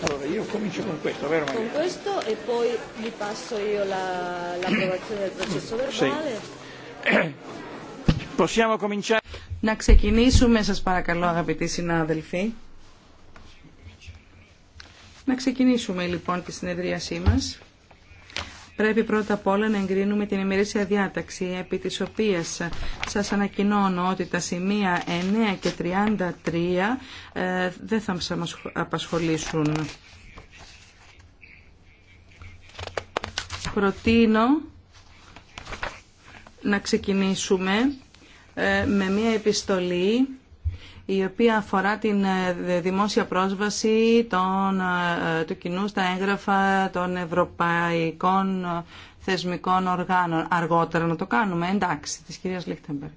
Allora io comincio con questo, vero Maria? Con questo e poi vi passo io l'approvazione del processo verbale. Sì. Possiamo cominciare. Να ξεκινήσουμε, σας παρακαλώ αγαπητοί συνάδελφοι. Να ξεκινήσουμε λοιπόν τη συνεδρίασή μας πρέπει πρώτα απ' όλα να εγκρίνουμε την ημερήσια διάταξη, επί της οποίας σας ανακοινώνω ότι τα σημεία 9 και 33 ε, δεν θα μας απασχολήσουν. Προτείνω να ξεκινήσουμε ε, με μία επιστολή η οποία αφορά την ε, δημόσια πρόσβαση των, ε, ε, του κοινού στα έγγραφα των ευρωπαϊκών θεσμικών οργάνων. Αργότερα να το κάνουμε, εντάξει, της κυρίας Λίχτεμπεργκ.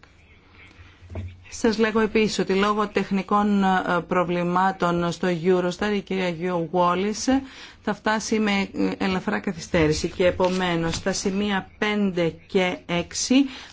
Σας λέγω επίσης ότι λόγω τεχνικών ε, προβλημάτων στο Eurostar η κυρία Γιώ Wallis ε, θα φτάσει με ε, ελαφρά καθυστέρηση και επομένως τα σημεία 5 και 6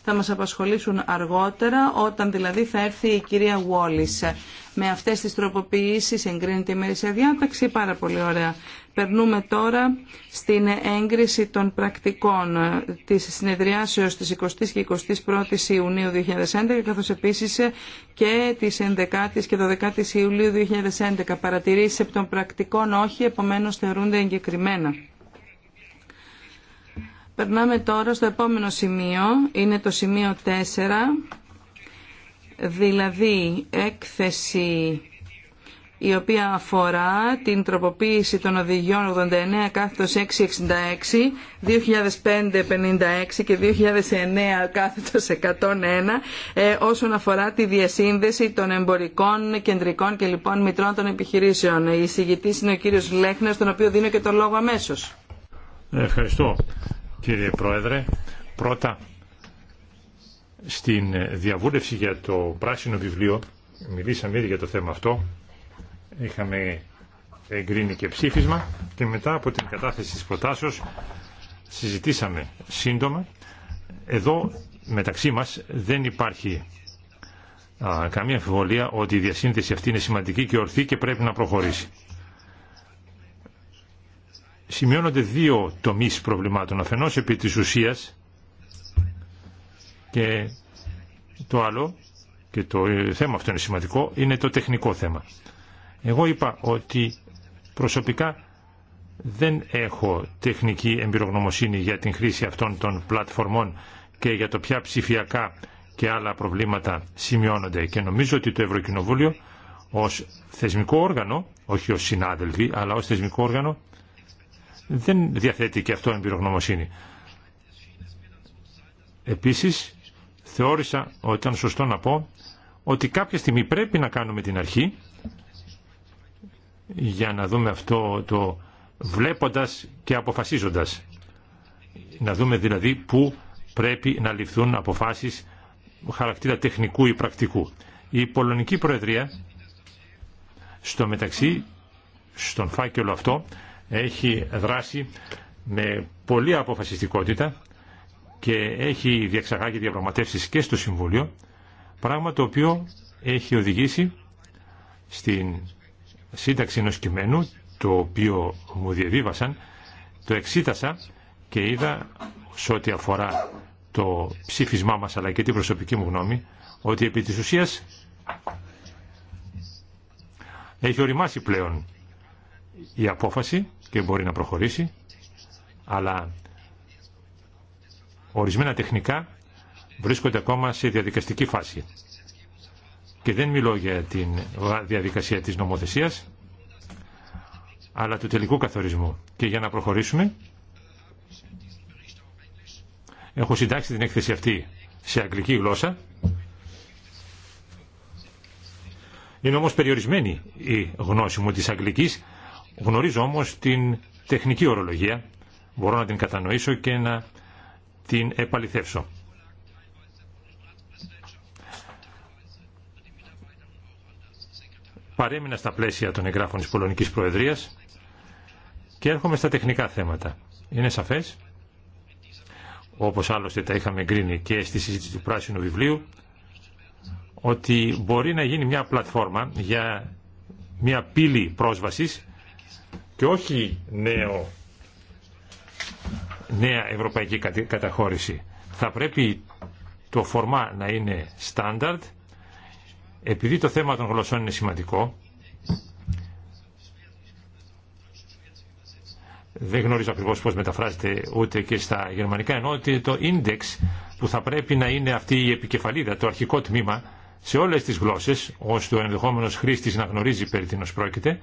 θα μας απασχολήσουν αργότερα όταν δηλαδή θα έρθει η κυρία Wallis. Με αυτές τις τροποποιήσεις εγκρίνεται η μέρη σε διάταξη, πάρα πολύ ωραία. Περνούμε τώρα στην έγκριση των πρακτικών ε, της συνεδριάσεως της 20 και 21ης Ιουνίου 2011 καθώς επίσης ε, και της 11ης και 12ης Ιουλίου 2011. Παρατηρήσεις επί των πρακτικών όχι, επομένως θεωρούνται εγκεκριμένα. Περνάμε τώρα στο επόμενο σημείο, είναι το σημείο 4, δηλαδή έκθεση η οποία αφορά την τροποποίηση των οδηγιών 89 κάθετος 666, 2005-56 και 2009 κάθετος 101 ε, όσον αφορά τη διασύνδεση των εμπορικών, κεντρικών και λοιπόν μητρών των επιχειρήσεων. Η συγητής είναι ο κύριος Λέχνας, τον οποίο δίνω και τον λόγο αμέσως. Ευχαριστώ κύριε Πρόεδρε. Πρώτα στην διαβούλευση για το πράσινο βιβλίο μιλήσαμε ήδη για το θέμα αυτό είχαμε εγκρίνει και ψήφισμα και μετά από την κατάθεση της προτάσεως συζητήσαμε σύντομα. Εδώ μεταξύ μας δεν υπάρχει α, καμία αμφιβολία ότι η διασύνδεση αυτή είναι σημαντική και ορθή και πρέπει να προχωρήσει. Σημειώνονται δύο τομείς προβλημάτων. Αφενός επί της ουσίας και το άλλο, και το θέμα αυτό είναι σημαντικό, είναι το τεχνικό θέμα. Εγώ είπα ότι προσωπικά δεν έχω τεχνική εμπειρογνωμοσύνη για την χρήση αυτών των πλατφορμών και για το ποια ψηφιακά και άλλα προβλήματα σημειώνονται. Και νομίζω ότι το Ευρωκοινοβούλιο ως θεσμικό όργανο, όχι ως συνάδελφοι, αλλά ως θεσμικό όργανο, δεν διαθέτει και αυτό εμπειρογνωμοσύνη. Επίσης, θεώρησα ότι ήταν σωστό να πω ότι κάποια στιγμή πρέπει να κάνουμε την αρχή για να δούμε αυτό το βλέποντας και αποφασίζοντας. Να δούμε δηλαδή πού πρέπει να ληφθούν αποφάσεις χαρακτήρα τεχνικού ή πρακτικού. Η Πολωνική Προεδρία στο μεταξύ, στον φάκελο αυτό, έχει δράσει με πολλή αποφασιστικότητα και έχει διεξαγάγει διαπραγματεύσεις και στο Συμβούλιο, πράγμα το οποίο έχει οδηγήσει στην σύνταξη ενός κειμένου, το οποίο μου διαβίβασαν, το εξήτασα και είδα σε ό,τι αφορά το ψήφισμά μας αλλά και την προσωπική μου γνώμη ότι επί της ουσίας έχει οριμάσει πλέον η απόφαση και μπορεί να προχωρήσει αλλά ορισμένα τεχνικά βρίσκονται ακόμα σε διαδικαστική φάση και δεν μιλώ για τη διαδικασία της νομοθεσίας αλλά του τελικού καθορισμού. Και για να προχωρήσουμε έχω συντάξει την έκθεση αυτή σε αγγλική γλώσσα Είναι όμως περιορισμένη η γνώση μου της αγγλικής γνωρίζω όμως την τεχνική ορολογία μπορώ να την κατανοήσω και να την επαληθεύσω. παρέμεινα στα πλαίσια των εγγράφων της Πολωνικής Προεδρίας και έρχομαι στα τεχνικά θέματα. Είναι σαφές, όπως άλλωστε τα είχαμε εγκρίνει και στη συζήτηση του Πράσινου Βιβλίου, ότι μπορεί να γίνει μια πλατφόρμα για μια πύλη πρόσβασης και όχι νέο, νέα ευρωπαϊκή καταχώρηση. Θα πρέπει το φορμά να είναι στάνταρτ επειδή το θέμα των γλωσσών είναι σημαντικό, δεν γνωρίζω ακριβώ πώς μεταφράζεται ούτε και στα γερμανικά, ενώ ότι το index που θα πρέπει να είναι αυτή η επικεφαλίδα, το αρχικό τμήμα, σε όλες τις γλώσσες, ώστε ο ενδεχόμενος χρήστης να γνωρίζει περί τίνος πρόκειται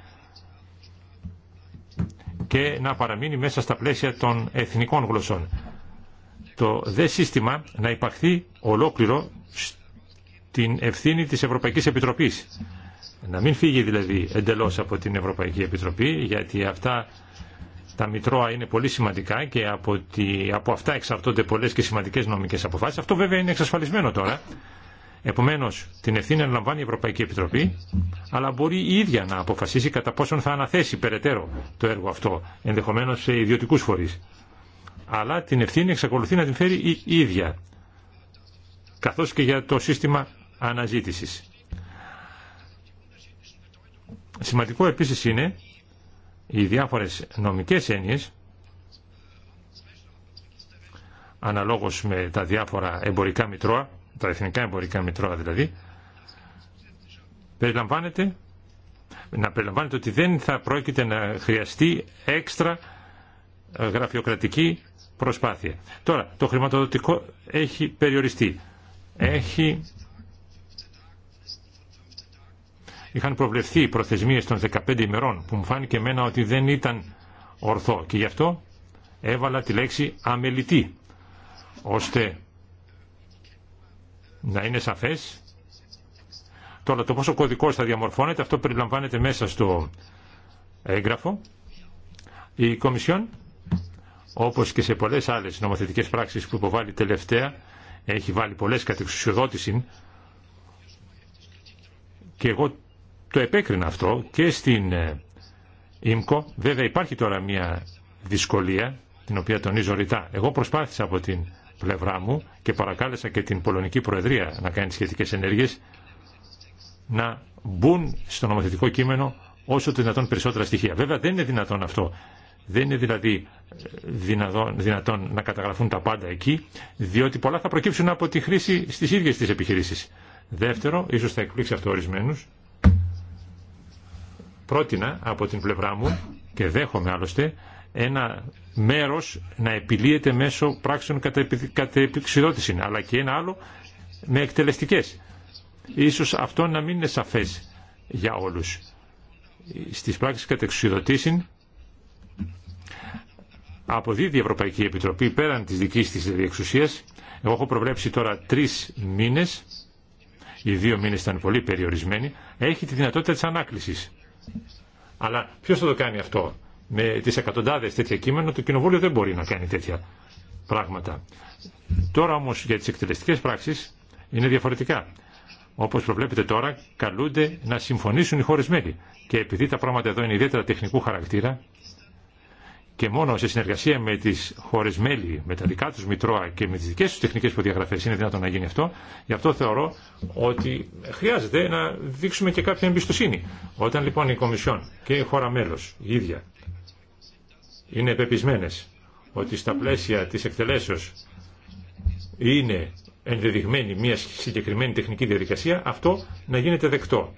και να παραμείνει μέσα στα πλαίσια των εθνικών γλωσσών. Το δε σύστημα να υπαχθεί ολόκληρο την ευθύνη της Ευρωπαϊκής Επιτροπής. Να μην φύγει δηλαδή εντελώς από την Ευρωπαϊκή Επιτροπή, γιατί αυτά τα μητρώα είναι πολύ σημαντικά και από, τη, από αυτά εξαρτώνται πολλές και σημαντικές νομικές αποφάσεις. Αυτό βέβαια είναι εξασφαλισμένο τώρα. Επομένως, την ευθύνη αναλαμβάνει η Ευρωπαϊκή Επιτροπή, αλλά μπορεί η ίδια να αποφασίσει κατά πόσον θα αναθέσει περαιτέρω το έργο αυτό, ενδεχομένως σε ιδιωτικούς φορείς. Αλλά την ευθύνη εξακολουθεί να την φέρει η ίδια καθώς και για το σύστημα αναζήτησης. Σημαντικό επίσης είναι οι διάφορες νομικές έννοιες αναλόγως με τα διάφορα εμπορικά μητρώα, τα εθνικά εμπορικά μητρώα δηλαδή, περιλαμβάνεται, να περιλαμβάνεται ότι δεν θα πρόκειται να χρειαστεί έξτρα γραφειοκρατική προσπάθεια. Τώρα, το χρηματοδοτικό έχει περιοριστεί. Έχει είχαν προβλεφθεί προθεσμίε των 15 ημερών που μου φάνηκε εμένα ότι δεν ήταν ορθό και γι' αυτό έβαλα τη λέξη αμελητή ώστε να είναι σαφές τώρα το πόσο κωδικός θα διαμορφώνεται αυτό περιλαμβάνεται μέσα στο έγγραφο η Κομισιόν όπως και σε πολλές άλλες νομοθετικές πράξεις που υποβάλλει τελευταία έχει βάλει πολλές κατεξουσιοδότηση και εγώ το επέκρινα αυτό και στην ε, ΙΜΚΟ. Βέβαια υπάρχει τώρα μια δυσκολία, την οποία τονίζω ρητά. Εγώ προσπάθησα από την πλευρά μου και παρακάλεσα και την Πολωνική Προεδρία να κάνει σχετικές ενέργειες να μπουν στο νομοθετικό κείμενο όσο το δυνατόν περισσότερα στοιχεία. Βέβαια δεν είναι δυνατόν αυτό. Δεν είναι δηλαδή ε, δυνατόν, δυνατόν να καταγραφούν τα πάντα εκεί, διότι πολλά θα προκύψουν από τη χρήση στις ίδιες τις επιχειρήσεις. Δεύτερο, ίσως θα εκπλήξει αυτό ορισμένους, πρότεινα από την πλευρά μου και δέχομαι άλλωστε ένα μέρος να επιλύεται μέσω πράξεων κατά αλλά και ένα άλλο με εκτελεστικές. Ίσως αυτό να μην είναι σαφές για όλους. Στις πράξεις κατά αποδίδει η Ευρωπαϊκή Επιτροπή πέραν της δικής της διεξουσίας. Εγώ έχω προβλέψει τώρα τρεις μήνες, οι δύο μήνες ήταν πολύ περιορισμένοι, έχει τη δυνατότητα της ανάκλησης. Αλλά ποιο θα το κάνει αυτό. Με τι εκατοντάδε τέτοια κείμενα το κοινοβούλιο δεν μπορεί να κάνει τέτοια πράγματα. Τώρα όμω για τι εκτελεστικέ πράξει είναι διαφορετικά. Όπω προβλέπετε τώρα, καλούνται να συμφωνήσουν οι χώρε μέλη. Και επειδή τα πράγματα εδώ είναι ιδιαίτερα τεχνικού χαρακτήρα, και μόνο σε συνεργασία με τι χώρε μέλη, με τα δικά του μητρώα και με τι δικέ του τεχνικέ προδιαγραφέ είναι δυνατόν να γίνει αυτό. Γι' αυτό θεωρώ ότι χρειάζεται να δείξουμε και κάποια εμπιστοσύνη. Όταν λοιπόν η Κομισιόν και η χώρα μέλο η ίδια είναι πεπισμένε ότι στα πλαίσια τη εκτελέσεω είναι ενδεδειγμένη μια συγκεκριμένη τεχνική διαδικασία, αυτό να γίνεται δεκτό.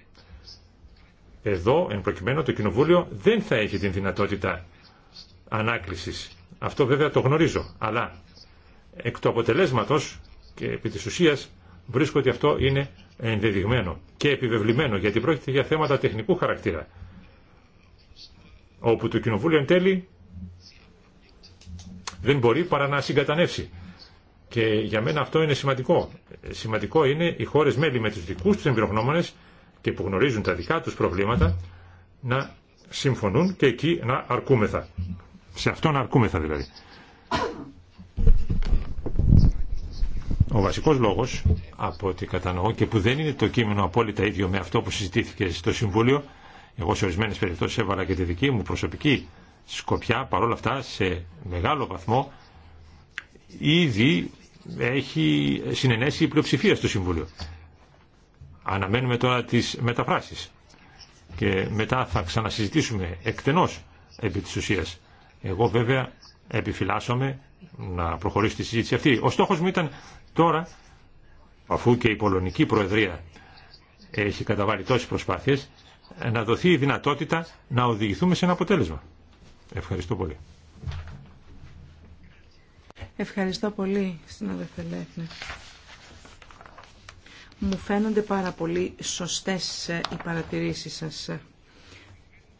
Εδώ, εν προκειμένου, το Κοινοβούλιο δεν θα έχει την δυνατότητα αυτό βέβαια το γνωρίζω, αλλά εκ του αποτελέσματος και επί της ουσίας βρίσκω ότι αυτό είναι ενδεδειγμένο και επιβεβλημένο, γιατί πρόκειται για θέματα τεχνικού χαρακτήρα, όπου το Κοινοβούλιο εν τέλει δεν μπορεί παρά να συγκατανεύσει. Και για μένα αυτό είναι σημαντικό. Σημαντικό είναι οι χώρε μέλη με του δικού του εμπειρογνώμονε και που γνωρίζουν τα δικά του προβλήματα να συμφωνούν και εκεί να αρκούμεθα. Σε αυτό αυτόν αρκούμεθα δηλαδή. Ο βασικός λόγος, από ό,τι κατανοώ και που δεν είναι το κείμενο απόλυτα ίδιο με αυτό που συζητήθηκε στο Συμβούλιο, εγώ σε ορισμένε περιπτώσει, έβαλα και τη δική μου προσωπική σκοπιά, παρόλα αυτά σε μεγάλο βαθμό ήδη έχει συνενέσει η πλειοψηφία στο Συμβούλιο. Αναμένουμε τώρα τις μεταφράσει και μετά θα ξανασυζητήσουμε εκτενώς επί της ουσίας. Εγώ βέβαια επιφυλάσσομαι να προχωρήσει τη συζήτηση αυτή. Ο στόχος μου ήταν τώρα, αφού και η Πολωνική Προεδρία έχει καταβάλει τόσες προσπάθειες, να δοθεί η δυνατότητα να οδηγηθούμε σε ένα αποτέλεσμα. Ευχαριστώ πολύ. Ευχαριστώ πολύ, συνάδελφε Λέχνερ. Μου φαίνονται πάρα πολύ σωστές ε, οι παρατηρήσεις σας.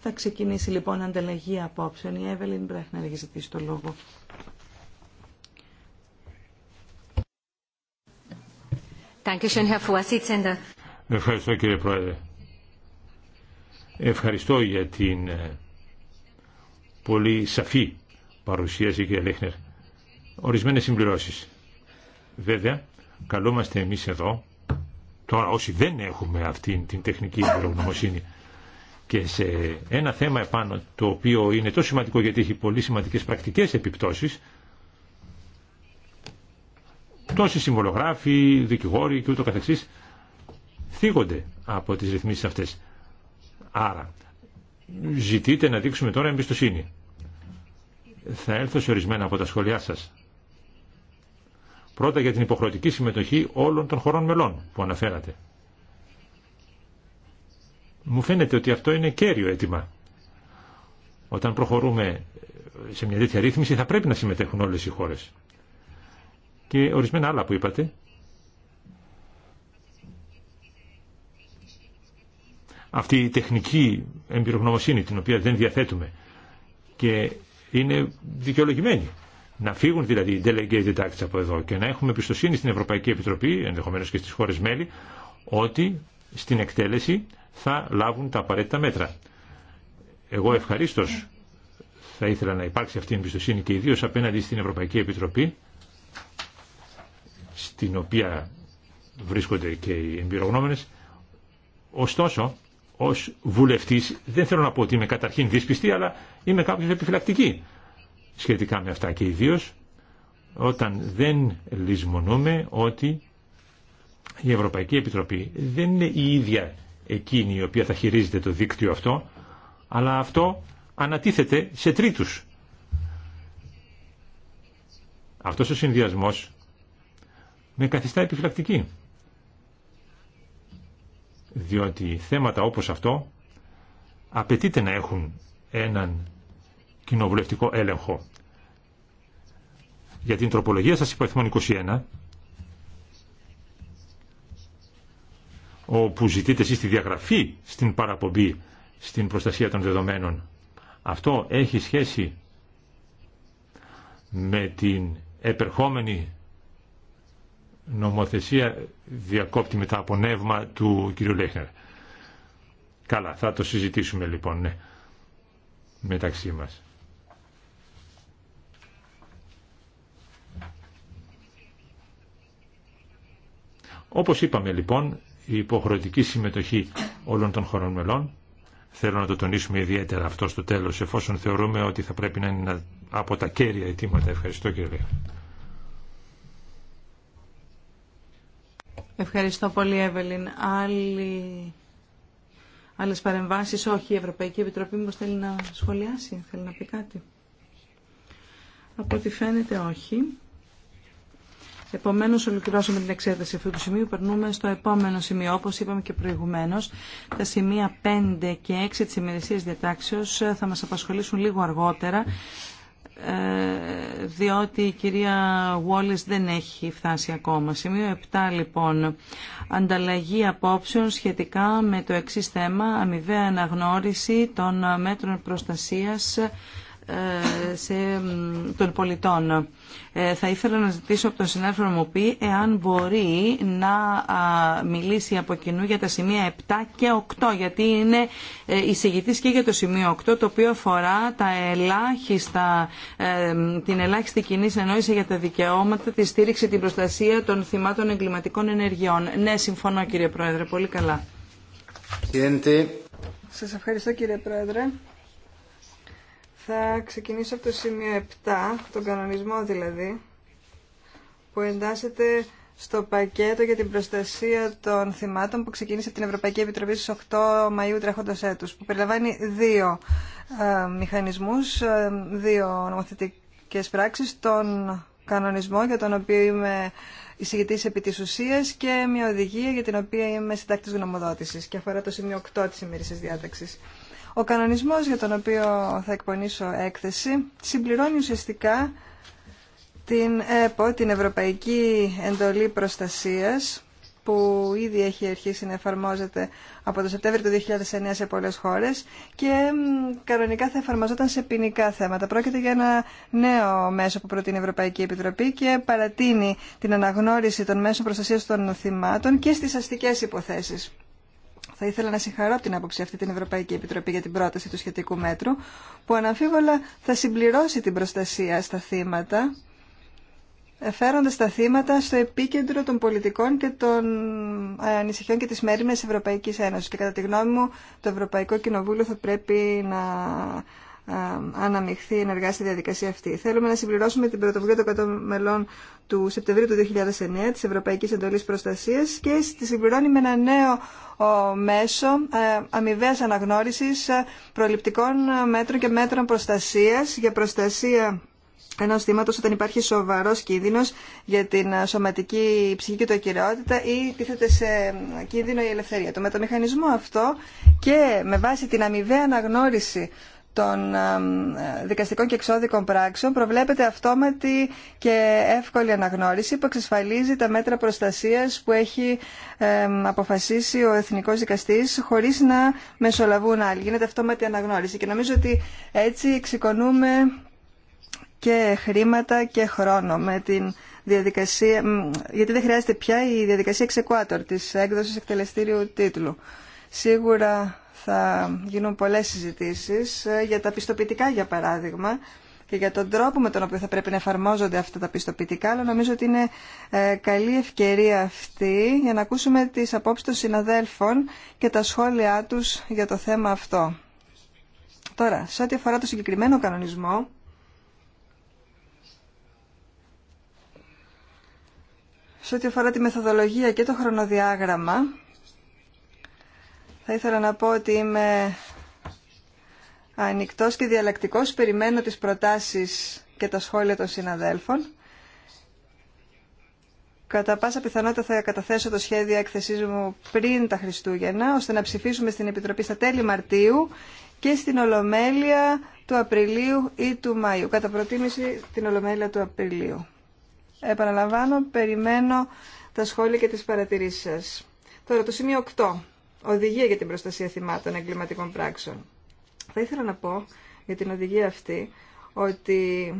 Θα ξεκινήσει λοιπόν ανταλλαγή απόψεων. Η Εύελιν Μπρέχνερ έχει ζητήσει το λόγο. Ευχαριστώ κύριε Πρόεδρε. Ευχαριστώ για την ε, πολύ σαφή παρουσίαση κύριε Λέχνερ. Ορισμένες συμπληρώσεις. Βέβαια, καλούμαστε εμείς εδώ, τώρα όσοι δεν έχουμε αυτή την τεχνική εμπειρογνωμοσύνη, και σε ένα θέμα επάνω το οποίο είναι τόσο σημαντικό γιατί έχει πολύ σημαντικές πρακτικές επιπτώσεις τόσοι συμβολογράφοι, δικηγόροι και ούτω καθεξής θίγονται από τις ρυθμίσεις αυτές. Άρα, ζητείτε να δείξουμε τώρα εμπιστοσύνη. Θα έλθω σε ορισμένα από τα σχόλιά σας. Πρώτα για την υποχρεωτική συμμετοχή όλων των χωρών μελών που αναφέρατε. Μου φαίνεται ότι αυτό είναι κέριο αίτημα. Όταν προχωρούμε σε μια τέτοια ρύθμιση θα πρέπει να συμμετέχουν όλες οι χώρες. Και ορισμένα άλλα που είπατε. Αυτή η τεχνική εμπειρογνωμοσύνη την οποία δεν διαθέτουμε και είναι δικαιολογημένη. Να φύγουν δηλαδή οι delegated acts από εδώ και να έχουμε πιστοσύνη στην Ευρωπαϊκή Επιτροπή, ενδεχομένως και στις χώρες μέλη, ότι στην εκτέλεση θα λάβουν τα απαραίτητα μέτρα. Εγώ ευχαρίστω θα ήθελα να υπάρξει αυτή η εμπιστοσύνη και ιδίω απέναντι στην Ευρωπαϊκή Επιτροπή, στην οποία βρίσκονται και οι εμπειρογνώμενε. Ωστόσο, ως βουλευτής δεν θέλω να πω ότι είμαι καταρχήν δυσπιστή, αλλά είμαι κάποιο επιφυλακτική σχετικά με αυτά και ιδίω όταν δεν λησμονούμε ότι η Ευρωπαϊκή Επιτροπή δεν είναι η ίδια εκείνη η οποία θα χειρίζεται το δίκτυο αυτό, αλλά αυτό ανατίθεται σε τρίτους. Αυτός ο συνδυασμός με καθιστά επιφυλακτική. Διότι θέματα όπως αυτό απαιτείται να έχουν έναν κοινοβουλευτικό έλεγχο. Για την τροπολογία σας είπα 21 όπου ζητείτε εσείς τη διαγραφή στην παραπομπή στην προστασία των δεδομένων. Αυτό έχει σχέση με την επερχόμενη νομοθεσία διακόπτη μετά από νεύμα του κ. Λέχνερ. Καλά, θα το συζητήσουμε λοιπόν, ναι, μεταξύ μας. Όπως είπαμε λοιπόν, η υποχρεωτική συμμετοχή όλων των χωρών μελών. Θέλω να το τονίσουμε ιδιαίτερα αυτό στο τέλος, εφόσον θεωρούμε ότι θα πρέπει να είναι από τα κέρια αιτήματα. Ευχαριστώ κύριε Ευχαριστώ πολύ, Εύελιν. Άλλη... Άλλες παρεμβάσεις, όχι, η Ευρωπαϊκή Επιτροπή μήπω θέλει να σχολιάσει, θέλει να πει κάτι. Από ό,τι φαίνεται, όχι. Επομένω, ολοκληρώσαμε την εξέταση αυτού του σημείου. Περνούμε στο επόμενο σημείο. όπω είπαμε και προηγουμένω, τα σημεία 5 και 6 της ημερησία διατάξεω ε, θα μα απασχολήσουν λίγο αργότερα, ε, διότι η κυρία Wallace δεν έχει φτάσει ακόμα. Σημείο 7, λοιπόν, ανταλλαγή απόψεων σχετικά με το εξή θέμα, αμοιβαία αναγνώριση των μέτρων προστασίας ε, σε, των πολιτών. Ε, θα ήθελα να ζητήσω από τον συνάδελφο να μου πει εάν μπορεί να μιλήσει από κοινού για τα σημεία 7 και 8 γιατί είναι ε, εισηγητής και για το σημείο 8 το οποίο αφορά τα ελάχιστα, την ελάχιστη κοινή συνεννόηση για τα δικαιώματα, τη στήριξη, την προστασία των θυμάτων εγκληματικών ενεργειών. Ναι, συμφωνώ κύριε Πρόεδρε, πολύ καλά. Σας ευχαριστώ κύριε Πρόεδρε. Θα ξεκινήσω από το σημείο 7, τον κανονισμό δηλαδή, που εντάσσεται στο πακέτο για την προστασία των θυμάτων που ξεκίνησε από την Ευρωπαϊκή Επιτροπή στις 8 Μαΐου τρέχοντος έτους, που περιλαμβάνει δύο ε, μηχανισμούς, ε, δύο νομοθετικές πράξεις, τον κανονισμό για τον οποίο είμαι εισηγητής επί της ουσίας και μια οδηγία για την οποία είμαι συντάκτης γνωμοδότησης και αφορά το σημείο 8 της ημερήσης διάταξης. Ο κανονισμός για τον οποίο θα εκπονήσω έκθεση συμπληρώνει ουσιαστικά την ΕΠΟ, την Ευρωπαϊκή Εντολή Προστασίας, που ήδη έχει αρχίσει να εφαρμόζεται από το Σεπτέμβριο του 2009 σε πολλές χώρες και κανονικά θα εφαρμοζόταν σε ποινικά θέματα. Πρόκειται για ένα νέο μέσο που προτείνει η Ευρωπαϊκή Επιτροπή και παρατείνει την αναγνώριση των μέσων προστασίας των θυμάτων και στις αστικές υποθέσεις. Θα ήθελα να συγχαρώ την άποψη αυτή την Ευρωπαϊκή Επιτροπή για την πρόταση του σχετικού μέτρου, που αναμφίβολα θα συμπληρώσει την προστασία στα θύματα, Φέροντα τα θύματα στο επίκεντρο των πολιτικών και των ε, ανησυχιών και της μέρημνας Ευρωπαϊκής Ένωσης. Και κατά τη γνώμη μου, το Ευρωπαϊκό Κοινοβούλιο θα πρέπει να αναμειχθεί ενεργά στη διαδικασία αυτή. Θέλουμε να συμπληρώσουμε την πρωτοβουλία των 100 μελών του Σεπτεμβρίου του 2009 της Ευρωπαϊκής Εντολής Προστασίας και τη συμπληρώνει με ένα νέο μέσο ε, αμοιβαίας αναγνώρισης ε, προληπτικών ε, μέτρων και μέτρων προστασίας για προστασία ενός θύματος όταν υπάρχει σοβαρός κίνδυνος για την σωματική ψυχική του ακυρεότητα ή τίθεται σε κίνδυνο η ελευθερία το μεταμηχανισμό αυτό και με βάση την αμοιβαία αναγνώριση των δικαστικών και εξώδικων πράξεων προβλέπεται αυτόματη και εύκολη αναγνώριση που εξασφαλίζει τα μέτρα προστασίας που έχει αποφασίσει ο Εθνικός Δικαστής χωρίς να μεσολαβούν άλλοι. Γίνεται αυτόματη αναγνώριση και νομίζω ότι έτσι εξοικονούμε και χρήματα και χρόνο με την διαδικασία, γιατί δεν χρειάζεται πια η διαδικασία εξεκουάτορ της έκδοσης εκτελεστήριου τίτλου. Σίγουρα θα γίνουν πολλές συζητήσεις ε, για τα πιστοποιητικά για παράδειγμα και για τον τρόπο με τον οποίο θα πρέπει να εφαρμόζονται αυτά τα πιστοποιητικά, αλλά νομίζω ότι είναι ε, καλή ευκαιρία αυτή για να ακούσουμε τις απόψεις των συναδέλφων και τα σχόλιά τους για το θέμα αυτό. Τώρα, σε ό,τι αφορά το συγκεκριμένο κανονισμό, σε ό,τι αφορά τη μεθοδολογία και το χρονοδιάγραμμα, θα ήθελα να πω ότι είμαι ανοιχτός και διαλλακτικός. Περιμένω τις προτάσεις και τα σχόλια των συναδέλφων. Κατά πάσα πιθανότητα θα καταθέσω το σχέδιο έκθεσή μου πριν τα Χριστούγεννα, ώστε να ψηφίσουμε στην Επιτροπή στα τέλη Μαρτίου και στην Ολομέλεια του Απριλίου ή του Μαΐου. Κατά προτίμηση την Ολομέλεια του Απριλίου. Επαναλαμβάνω, περιμένω τα σχόλια και τις παρατηρήσεις σας. Τώρα το σημείο 8 οδηγία για την προστασία θυμάτων εγκληματικών πράξεων. Θα ήθελα να πω για την οδηγία αυτή ότι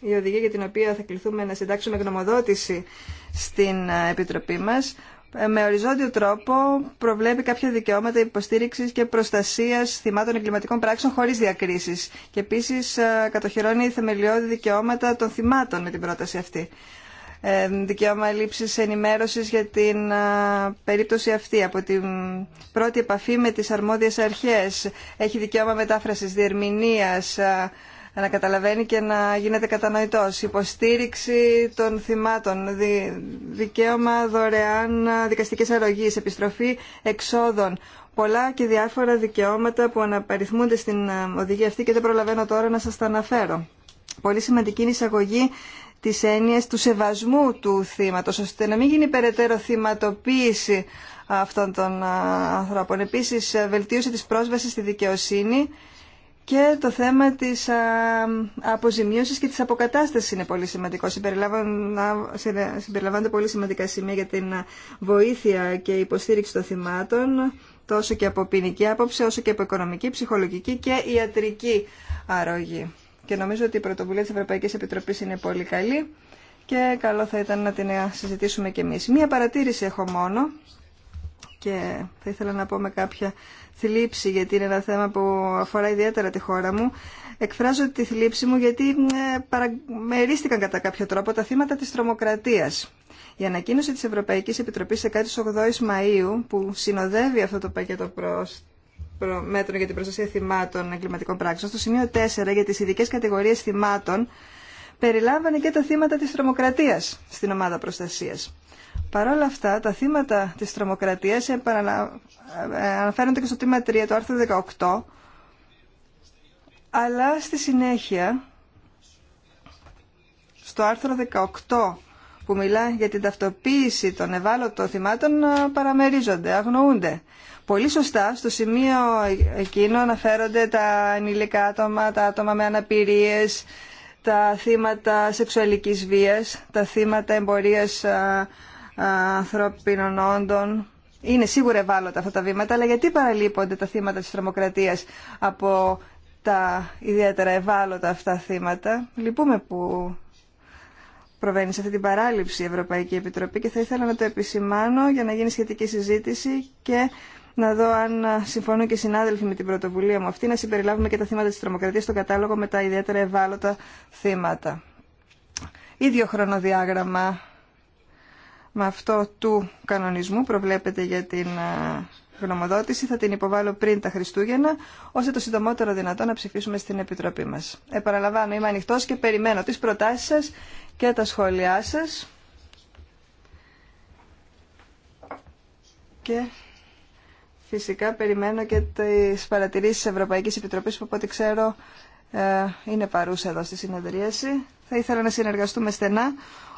η οδηγία για την οποία θα κληθούμε να συντάξουμε γνωμοδότηση στην ε, Επιτροπή μας ε, με οριζόντιο τρόπο προβλέπει κάποια δικαιώματα υποστήριξη και προστασία θυμάτων εγκληματικών πράξεων χωρί διακρίσει. Και επίση ε, κατοχυρώνει θεμελιώδη δικαιώματα των θυμάτων με την πρόταση αυτή. Ε, δικαίωμα λήψης ενημέρωσης για την ε, περίπτωση αυτή. Από την πρώτη επαφή με τις αρμόδιες αρχές έχει δικαίωμα μετάφρασης, διερμηνίας, ε, να καταλαβαίνει και να γίνεται κατανοητός. Υποστήριξη των θυμάτων, δικαίωμα δωρεάν δικαστικής αρρωγής, επιστροφή εξόδων. Πολλά και διάφορα δικαιώματα που αναπαριθμούνται στην οδηγία αυτή και δεν προλαβαίνω τώρα να σας τα αναφέρω. Πολύ σημαντική είναι η εισαγωγή τις έννοιες του σεβασμού του θύματος, ώστε να μην γίνει περαιτέρω θυματοποίηση αυτών των ανθρώπων. Επίσης, ε, βελτίωση της πρόσβασης στη δικαιοσύνη και το θέμα της αποζημίωσης και της αποκατάστασης είναι πολύ σημαντικό. Συμπεριλαμβάνονται πολύ σημαντικά σημεία για την βοήθεια και υποστήριξη των θυμάτων, τόσο και από ποινική άποψη, όσο και από οικονομική, ψυχολογική και ιατρική αρρωγή. Και νομίζω ότι η πρωτοβουλία της Ευρωπαϊκής Επιτροπής είναι πολύ καλή και καλό θα ήταν να την συζητήσουμε κι εμείς. Μία παρατήρηση έχω μόνο και θα ήθελα να πω με κάποια θλίψη γιατί είναι ένα θέμα που αφορά ιδιαίτερα τη χώρα μου. Εκφράζω τη θλίψη μου γιατί ε, παραμερίστηκαν κατά κάποιο τρόπο τα θύματα της τρομοκρατίας. Η ανακοίνωση της Ευρωπαϊκής Επιτροπής σε κάτι 8 Μαΐου που συνοδεύει αυτό το πακέτο προς μέτρων για την προστασία θυμάτων εγκληματικών πράξεων, στο σημείο 4 για τι ειδικέ κατηγορίε θυμάτων, περιλάμβανε και τα θύματα τη τρομοκρατία στην ομάδα προστασία. Παρ' όλα αυτά, τα θύματα της τρομοκρατίας ε, αναφέρονται και στο τμήμα 3 του άρθρου 18, αλλά στη συνέχεια, στο άρθρο 18, που μιλά για την ταυτοποίηση των ευάλωτων θυμάτων ε, παραμερίζονται, αγνοούνται. Πολύ σωστά στο σημείο εκείνο αναφέρονται τα ενηλικά άτομα, τα άτομα με αναπηρίες, τα θύματα σεξουαλικής βίας, τα θύματα εμπορίας α, ανθρώπινων όντων. Είναι σίγουρα ευάλωτα αυτά τα βήματα, αλλά γιατί παραλείπονται τα θύματα της τρομοκρατίας από τα ιδιαίτερα ευάλωτα αυτά θύματα. Λυπούμε που προβαίνει σε αυτή την παράληψη η Ευρωπαϊκή Επιτροπή και θα ήθελα να το επισημάνω για να γίνει σχετική συζήτηση και να δω αν συμφωνούν και οι συνάδελφοι με την πρωτοβουλία μου αυτή, να συμπεριλάβουμε και τα θύματα της τρομοκρατίας στο κατάλογο με τα ιδιαίτερα ευάλωτα θύματα. Ίδιο χρονοδιάγραμμα με αυτό του κανονισμού προβλέπεται για την γνωμοδότηση. Θα την υποβάλω πριν τα Χριστούγεννα, ώστε το συντομότερο δυνατό να ψηφίσουμε στην Επιτροπή μας. Επαναλαμβάνω, είμαι ανοιχτό και περιμένω τις προτάσεις σας και τα σχόλιά σας. Φυσικά περιμένω και τις παρατηρήσεις της Ευρωπαϊκής Επιτροπής που από ό,τι ξέρω ε, είναι παρούσα εδώ στη συνεδρίαση. Θα ήθελα να συνεργαστούμε στενά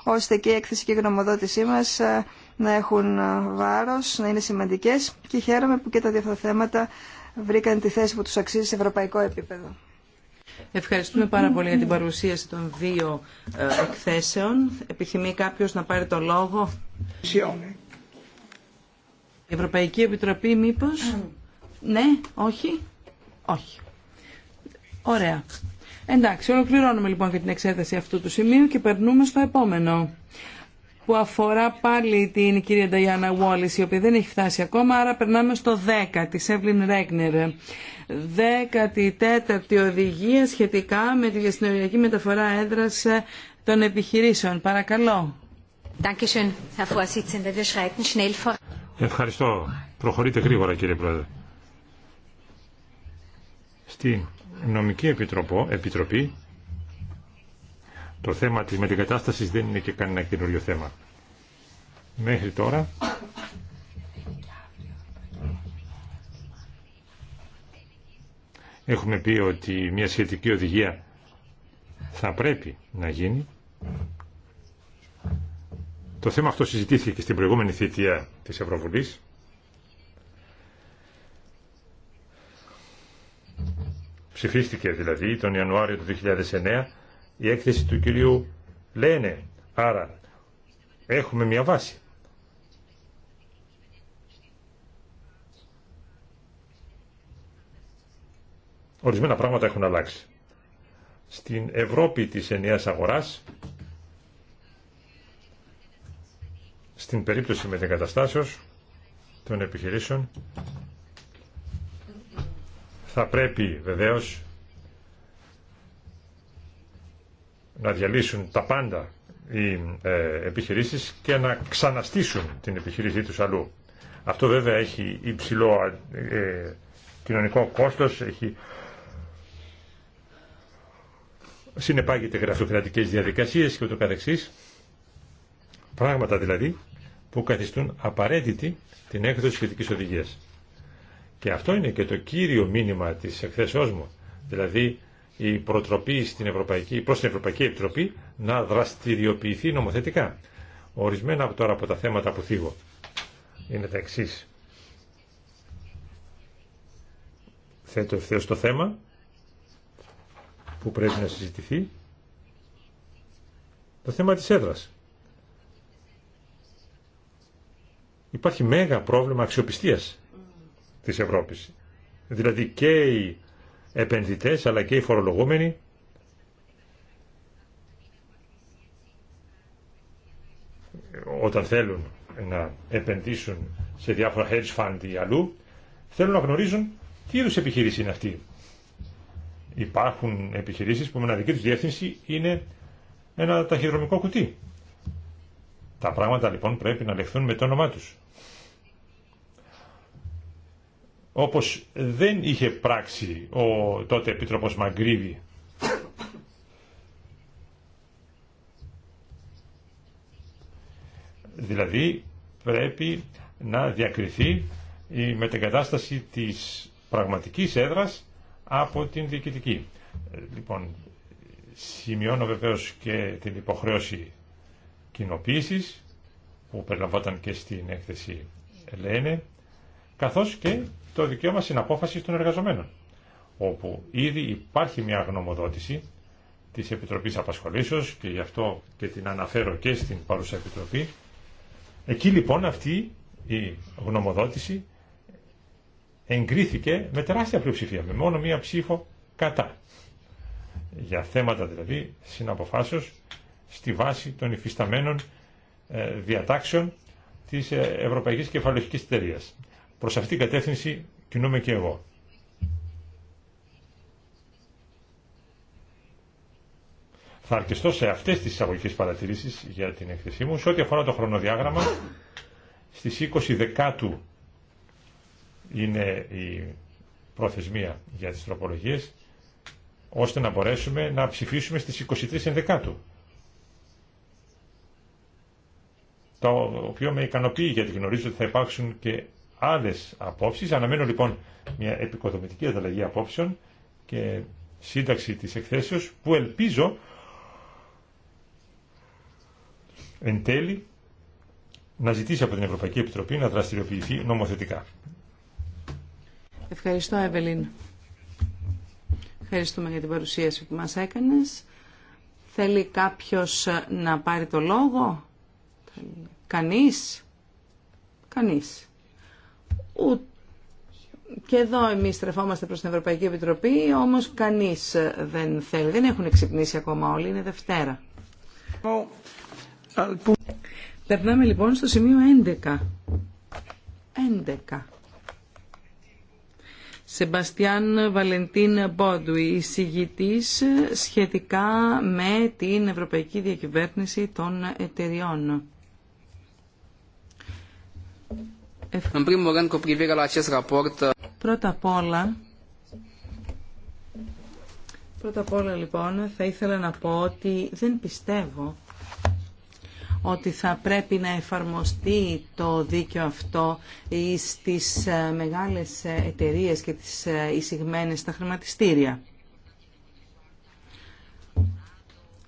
ώστε και η έκθεση και η γνωμοδότησή μας ε, να έχουν ε, βάρος, να είναι σημαντικές και χαίρομαι που και τα δύο θέματα βρήκαν τη θέση που τους αξίζει σε ευρωπαϊκό επίπεδο. Ευχαριστούμε πάρα πολύ για την παρουσίαση των δύο εκθέσεων. Επιθυμεί κάποιος να πάρει το λόγο. Ευρωπαϊκή Επιτροπή μήπως. Ναι, όχι. Όχι. Ωραία. Εντάξει, ολοκληρώνουμε λοιπόν και την εξέταση αυτού του σημείου και περνούμε στο επόμενο που αφορά πάλι την κυρία Νταϊάννα Wallis, η οποία δεν έχει φτάσει ακόμα, άρα περνάμε στο 10 της Εύλιν Ρέγνερ. 14η οδηγία σχετικά με τη διασυνοριακή μεταφορά έδρας ε, των επιχειρήσεων. Παρακαλώ. Ευχαριστώ. Προχωρείτε γρήγορα κύριε Πρόεδρε. Στη νομική επιτροπό, επιτροπή το θέμα της μετεγκατάστασης δεν είναι και κανένα καινούριο θέμα. Μέχρι τώρα έχουμε πει ότι μια σχετική οδηγία θα πρέπει να γίνει το θέμα αυτό συζητήθηκε και στην προηγούμενη θητεία της Ευρωβουλής. Ψηφίστηκε δηλαδή τον Ιανουάριο του 2009 η έκθεση του κυρίου Λένε. Άρα έχουμε μια βάση. Ορισμένα πράγματα έχουν αλλάξει. Στην Ευρώπη της ενιαίας αγοράς στην περίπτωση μετεγκαταστάσεως των επιχειρήσεων θα πρέπει βεβαίως να διαλύσουν τα πάντα οι ε, επιχειρήσεις και να ξαναστήσουν την επιχείρησή τους αλλού. Αυτό βέβαια έχει υψηλό ε, κοινωνικό κόστος, έχει συνεπάγεται γραφειοκρατικές διαδικασίες και ούτω καθεξής. Πράγματα δηλαδή που καθιστούν απαραίτητη την έκδοση σχετικής οδηγία. Και αυτό είναι και το κύριο μήνυμα της εκθέσεώς μου, δηλαδή η προτροπή στην Ευρωπαϊκή, προς την Ευρωπαϊκή Επιτροπή να δραστηριοποιηθεί νομοθετικά. Ορισμένα από τώρα από τα θέματα που θίγω είναι τα εξή. Θέτω ευθέως το θέμα που πρέπει να συζητηθεί. Το θέμα της έδρας. υπάρχει μέγα πρόβλημα αξιοπιστίας της Ευρώπης. Δηλαδή και οι επενδυτές αλλά και οι φορολογούμενοι όταν θέλουν να επενδύσουν σε διάφορα hedge fund ή αλλού θέλουν να γνωρίζουν τι είδους επιχείρηση είναι αυτή. Υπάρχουν επιχειρήσεις που με δική τους διεύθυνση είναι ένα ταχυδρομικό κουτί. Τα πράγματα λοιπόν πρέπει να λεχθούν με το όνομά τους. όπως δεν είχε πράξει ο τότε Επίτροπος Μαγκρίβη. Δηλαδή πρέπει να διακριθεί η μετεγκατάσταση της πραγματικής έδρας από την διοικητική. Λοιπόν, σημειώνω βεβαίως και την υποχρέωση κοινοποίηση που περιλαμβόταν και στην έκθεση Ελένε, καθώς και το δικαίωμα συναπόφασης των εργαζομένων, όπου ήδη υπάρχει μια γνωμοδότηση της Επιτροπής Απασχολήσεως και γι' αυτό και την αναφέρω και στην παρούσα Επιτροπή. Εκεί λοιπόν αυτή η γνωμοδότηση εγκρίθηκε με τεράστια πλειοψηφία, με μόνο μία ψήφο κατά. Για θέματα δηλαδή συναποφάσεως στη βάση των υφισταμένων ε, διατάξεων της ε, Ευρωπαϊκής Κεφαλαιοχικής Εταιρείας. Προς αυτή την κατεύθυνση κινούμαι και εγώ. Θα αρκεστώ σε αυτές τις εισαγωγικές παρατηρήσεις για την εκθεσή μου. Σε ό,τι αφορά το χρονοδιάγραμμα, στις 20 Δεκάτου είναι η προθεσμία για τις τροπολογίες, ώστε να μπορέσουμε να ψηφίσουμε στις 23 Ενδεκάτου. Το οποίο με ικανοποιεί γιατί γνωρίζω ότι θα υπάρξουν και Άλλε απόψει. Αναμένω λοιπόν μια επικοδομητική ανταλλαγή απόψεων και σύνταξη της εκθέσεως που ελπίζω εν τέλει να ζητήσει από την Ευρωπαϊκή Επιτροπή να δραστηριοποιηθεί νομοθετικά. Ευχαριστώ, Εβελίν. Ευχαριστούμε για την παρουσίαση που μας έκανες. Θέλει κάποιος να πάρει το λόγο. Κανείς. Κανείς. Και εδώ εμείς στρεφόμαστε προς την Ευρωπαϊκή Επιτροπή, όμως κανείς δεν θέλει. Δεν έχουν ξυπνήσει ακόμα όλοι, είναι Δευτέρα. Περνάμε λοιπόν στο σημείο 11. 11. Σεμπαστιάν Βαλεντίν Μπόντουι, εισηγητής σχετικά με την Ευρωπαϊκή Διακυβέρνηση των Εταιριών. Πρώτα απ' όλα, πρώτα απ' όλα λοιπόν θα ήθελα να πω ότι δεν πιστεύω ότι θα πρέπει να εφαρμοστεί το δίκαιο αυτό στις ε, μεγάλες ε, εταιρείες και τις ε, εισηγμένες στα χρηματιστήρια.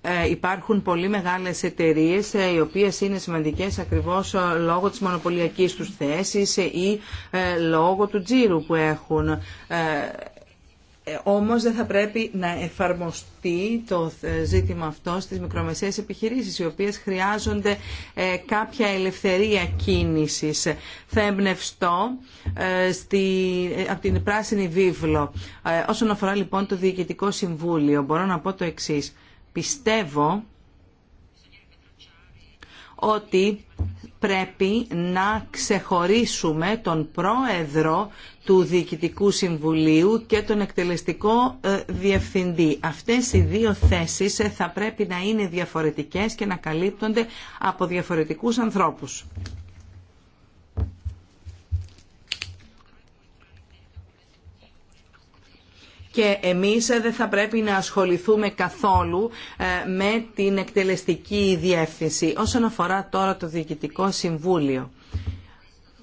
Ε, υπάρχουν πολύ μεγάλες εταιρείες ε, οι οποίες είναι σημαντικές ακριβώς ε, λόγω της μονοπωλιακής τους θέσης ή λόγω του τζίρου που έχουν. Όμως δεν θα πρέπει να εφαρμοστεί το ζήτημα αυτό στις μικρομεσαίες επιχειρήσεις, οι οποίες χρειάζονται κάποια ελευθερία κίνησης. Θα εμπνευστώ στη, από την Πράσινη Βίβλο. Όσον αφορά λοιπόν το Διοικητικό Συμβούλιο, μπορώ να πω το εξής. Πιστεύω ότι πρέπει να ξεχωρίσουμε τον πρόεδρο του Διοικητικού Συμβουλίου και τον εκτελεστικό ε, διευθυντή. Αυτές οι δύο θέσεις ε, θα πρέπει να είναι διαφορετικές και να καλύπτονται από διαφορετικούς ανθρώπους. και εμείς ε, δεν θα πρέπει να ασχοληθούμε καθόλου ε, με την εκτελεστική διεύθυνση. Όσον αφορά τώρα το Διοικητικό Συμβούλιο,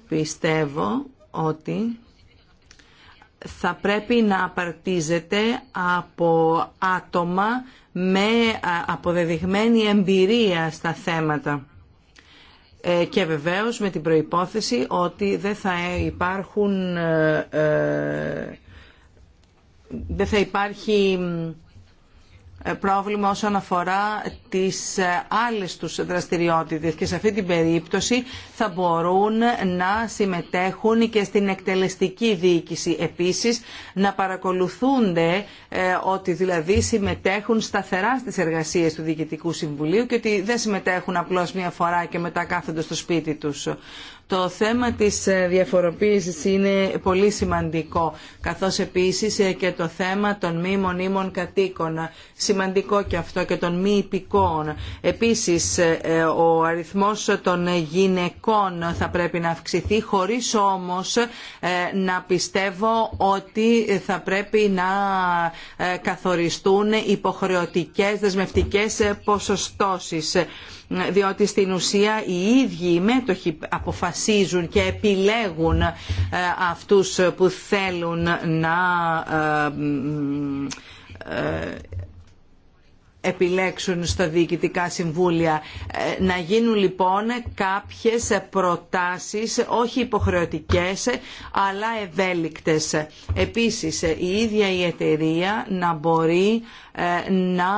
πιστεύω ότι θα πρέπει να απαρτίζεται από άτομα με ε, αποδεδειγμένη εμπειρία στα θέματα και βεβαίως με την προϋπόθεση ότι δεν θα υπάρχουν δεν θα υπάρχει ε, πρόβλημα όσον αφορά τις ε, άλλες τους δραστηριότητες και σε αυτή την περίπτωση θα μπορούν να συμμετέχουν και στην εκτελεστική διοίκηση επίσης να παρακολουθούνται ε, ότι δηλαδή συμμετέχουν σταθερά στις εργασίες του Διοικητικού Συμβουλίου και ότι δεν συμμετέχουν απλώς μια φορά και μετά κάθονται στο σπίτι τους. Το θέμα της ε, διαφοροποίησης είναι πολύ σημαντικό, καθώς επίσης ε, και το θέμα των μη μονίμων κατοίκων. Σημαντικό και αυτό και των μη υπηκών. Επίσης, ε, ο αριθμός των γυναικών θα πρέπει να αυξηθεί, χωρίς όμως να πιστεύω ότι θα πρέπει να καθοριστούν υποχρεωτικές δεσμευτικές ποσοστώσεις διότι στην ουσία οι ίδιοι οι μέτοχοι αποφασίζουν και επιλέγουν ε, αυτούς που θέλουν να ε, ε, επιλέξουν στα διοικητικά συμβούλια. Να γίνουν λοιπόν κάποιες προτάσεις, όχι υποχρεωτικές, αλλά ευέλικτες. Επίσης, η ίδια η εταιρεία να μπορεί ε, να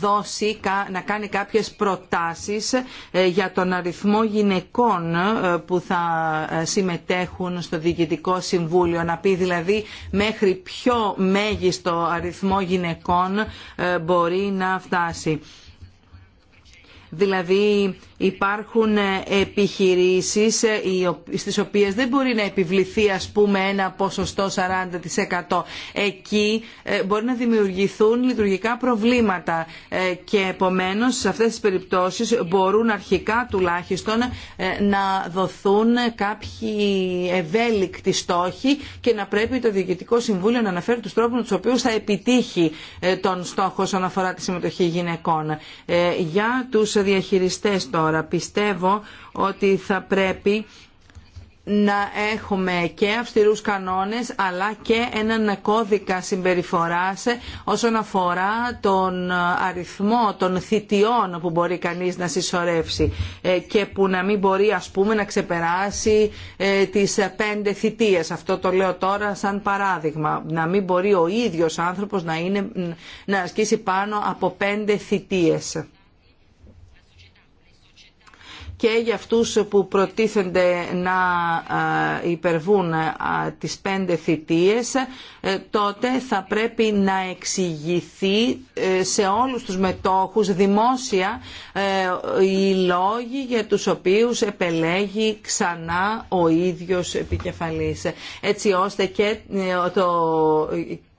δώσει, να κάνει κάποιες προτάσεις ε, για τον αριθμό γυναικών ε, που θα συμμετέχουν στο Διοικητικό Συμβούλιο. Να πει δηλαδή μέχρι ποιο μέγιστο αριθμό γυναικών μπορεί να φτάσει. Δηλαδή Υπάρχουν ε, επιχειρήσεις ε, στις οποίες δεν μπορεί να επιβληθεί ας πούμε ένα ποσοστό 40%. Εκεί ε, μπορεί να δημιουργηθούν λειτουργικά προβλήματα και επομένως σε αυτές τις περιπτώσεις μπορούν αρχικά τουλάχιστον να δοθούν κάποιοι ευέλικτοι στόχοι και να πρέπει το Διοικητικό Συμβούλιο να αναφέρει τους τρόπους με τους οποίους θα επιτύχει τον στόχο όσον αφορά τη συμμετοχή γυναικών. Για τους διαχειριστές τώρα Πιστεύω ότι θα πρέπει να έχουμε και αυστηρούς κανόνες αλλά και έναν κώδικα συμπεριφοράς όσον αφορά τον αριθμό των θητιών που μπορεί κανείς να συσσωρεύσει ε, και που να μην μπορεί ας πούμε να ξεπεράσει ε, τις πέντε θητείες. Αυτό το λέω τώρα σαν παράδειγμα. Να μην μπορεί ο ίδιος άνθρωπος να, είναι, να ασκήσει πάνω από πέντε θητείες και για αυτούς που προτίθενται να ε, υπερβούν ε, τις πέντε θητείες, ε, τότε θα πρέπει να εξηγηθεί σε όλους τους μετόχους δημόσια οι λόγοι για τους οποίους επελέγει ξανά ο ίδιος επικεφαλής. Έτσι ώστε και το,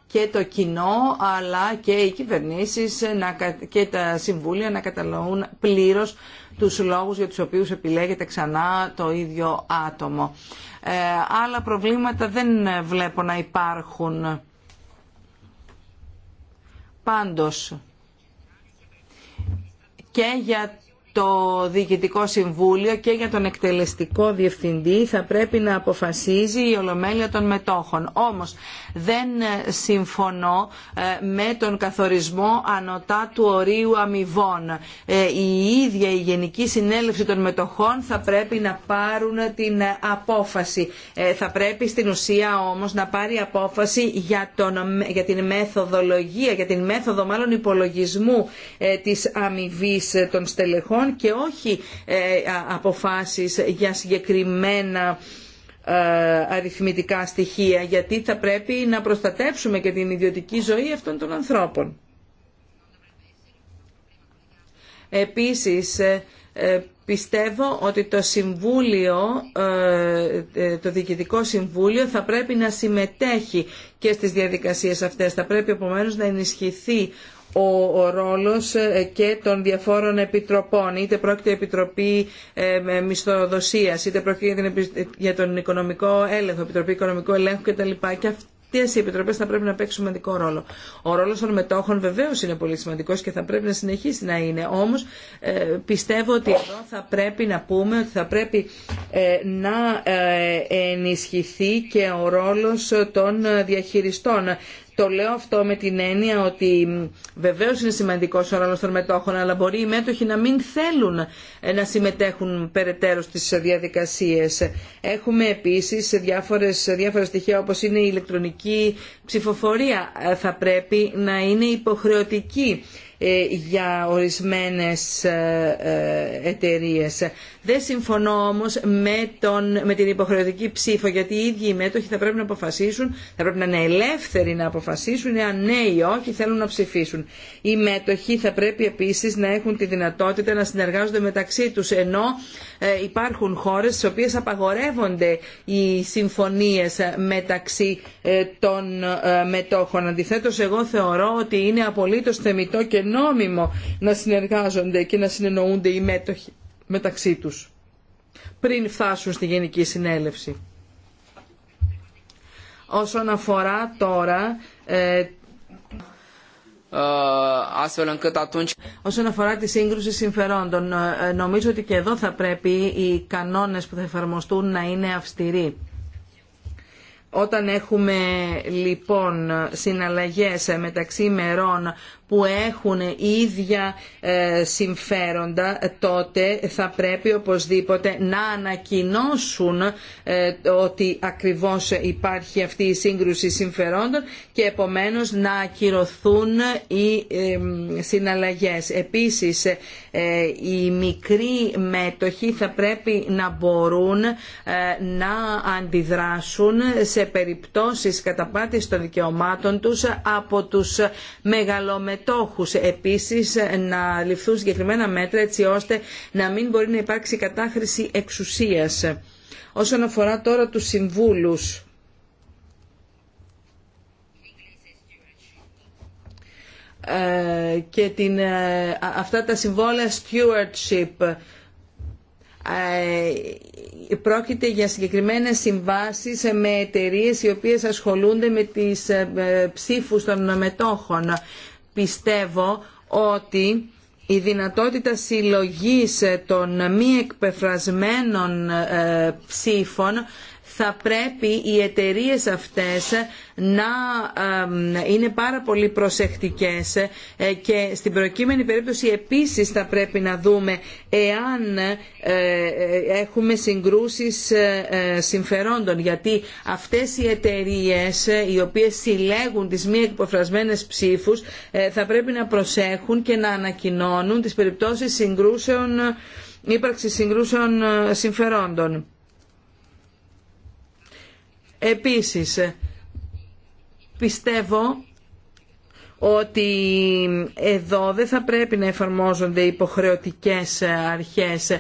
και το κοινό αλλά και οι κυβερνήσεις και τα συμβούλια να καταλαβούν πλήρως τους λόγους για τους οποίους επιλέγεται ξανά το ίδιο άτομο. Ε, άλλα προβλήματα δεν βλέπω να υπάρχουν. Πάντως, και για το Διοικητικό Συμβούλιο και για τον εκτελεστικό διευθυντή θα πρέπει να αποφασίζει η Ολομέλεια των Μετόχων. Όμως δεν συμφωνώ ε, με τον καθορισμό ανωτά του ορίου αμοιβών. Ε, η ίδια η Γενική Συνέλευση των Μετοχών θα πρέπει να πάρουν την απόφαση. Ε, θα πρέπει στην ουσία όμως να πάρει απόφαση για, τον, την μεθοδολογία, για την μέθοδο μάλλον υπολογισμού της αμοιβή των στελεχών και όχι αποφάσεις για συγκεκριμένα ε, αριθμητικά στοιχεία γιατί θα πρέπει να προστατεύσουμε και την ιδιωτική ζωή αυτών των ανθρώπων. Επίσης, ε, ε, πιστεύω ότι το Συμβούλιο, το Διοικητικό Συμβούλιο θα πρέπει να συμμετέχει και στις διαδικασίες αυτές. Θα πρέπει επομένως να ενισχυθεί ο, ο ρόλος ε, και των διαφόρων επιτροπών, είτε πρόκειται επιτροπή ε, μισθοδοσίας, είτε πρόκειται για, για τον οικονομικό έλεγχο, επιτροπή οικονομικού ελέγχου κτλ. Και αυτές οι επιτροπές θα πρέπει να παίξουν σημαντικό ρόλο. Ο ρόλος των μετόχων βεβαίως είναι πολύ σημαντικός και θα πρέπει να συνεχίσει να είναι. Όμως ε, πιστεύω ότι εδώ θα πρέπει να πούμε ότι θα πρέπει ε, να ενισχυθεί και ο ρόλος των διαχειριστών το λέω αυτό με την έννοια ότι βεβαίως είναι σημαντικός ο ρόλος των μετόχων, αλλά μπορεί οι μέτοχοι να μην θέλουν ε, να συμμετέχουν περαιτέρω στις διαδικασίες. Έχουμε επίσης διάφορες, διάφορα στοιχεία όπως είναι η ηλεκτρονική ψηφοφορία. Ε, θα πρέπει να είναι υποχρεωτική ε, για ορισμένες ε, ε, εταιρείες. Δεν συμφωνώ όμως με, τον, με την υποχρεωτική ψήφο γιατί οι ίδιοι οι μέτοχοι θα πρέπει να αποφασίσουν, θα πρέπει να είναι ελεύθεροι να αποφασίσουν αν ναι ή όχι θέλουν να ψηφίσουν. Οι μέτοχοι θα πρέπει επίσης να έχουν τη δυνατότητα να συνεργάζονται μεταξύ τους ενώ υπάρχουν χώρες στις οποίες απαγορεύονται οι συμφωνίες μεταξύ των μετόχων. Αντιθέτως εγώ θεωρώ ότι είναι απολύτως θεμητό και νόμιμο να συνεργάζονται και να συνεννοούνται οι μέτοχοι μεταξύ τους πριν φτάσουν στη Γενική Συνέλευση. Όσον αφορά τώρα ε, ε Όσον αφορά τη σύγκρουση συμφερόντων, ε, νομίζω ότι και εδώ θα πρέπει οι κανόνες που θα εφαρμοστούν να είναι αυστηροί. Όταν έχουμε λοιπόν συναλλαγές μεταξύ μερών που έχουν ίδια ε, συμφέροντα, τότε θα πρέπει οπωσδήποτε να ανακοινώσουν ε, ότι ακριβώς υπάρχει αυτή η σύγκρουση συμφερόντων και επομένως να ακυρωθούν οι ε, συναλλαγές. Επίσης, οι μικροί μέτοχοι θα πρέπει να μπορούν να αντιδράσουν σε περιπτώσεις καταπάτησης των δικαιωμάτων τους από τους μεγαλομετωχούς μετόχους. Επίσης να ληφθούν συγκεκριμένα μέτρα έτσι ώστε να μην μπορεί να υπάρξει κατάχρηση εξουσίας. Όσον αφορά τώρα τους συμβούλους, ε, και την, ε, αυτά τα συμβόλαια stewardship ε, πρόκειται για συγκεκριμένες συμβάσεις με εταιρείες οι οποίες ασχολούνται με τις ψήφους των μετόχων πιστεύω ότι η δυνατότητα συλλογής των μη εκπεφρασμένων ε, ψήφων θα πρέπει οι εταιρείε αυτές να είναι πάρα πολύ προσεκτικές ε, και στην προκείμενη περίπτωση επίσης θα πρέπει να δούμε εάν ε, ε, έχουμε συγκρούσεις συμφερόντων γιατί αυτές οι εταιρείε οι οποίες συλλέγουν τις μη εκποφρασμένες ψήφους θα πρέπει να προσέχουν και να ανακοινώνουν τις περιπτώσεις συγκρούσεων ύπαρξη συγκρούσεων συμφερόντων. Επίσης, πιστεύω ότι εδώ δεν θα πρέπει να εφαρμόζονται υποχρεωτικές αρχές ε,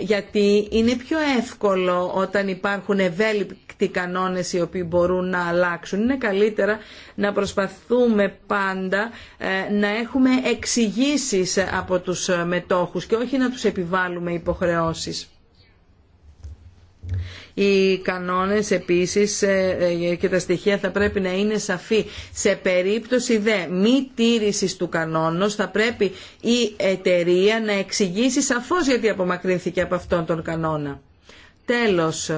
γιατί είναι πιο εύκολο όταν υπάρχουν ευέλικτοι κανόνες οι οποίοι μπορούν να αλλάξουν. Είναι καλύτερα να προσπαθούμε πάντα ε, να έχουμε εξηγήσει από τους μετόχους και όχι να τους επιβάλλουμε υποχρεώσεις. Οι κανόνες επίσης ε, ε, και τα στοιχεία θα πρέπει να είναι σαφή. Σε περίπτωση δε μη τήρησης του κανόνος θα πρέπει η εταιρεία να εξηγήσει σαφώς γιατί απομακρύνθηκε από αυτόν τον κανόνα. Τέλος,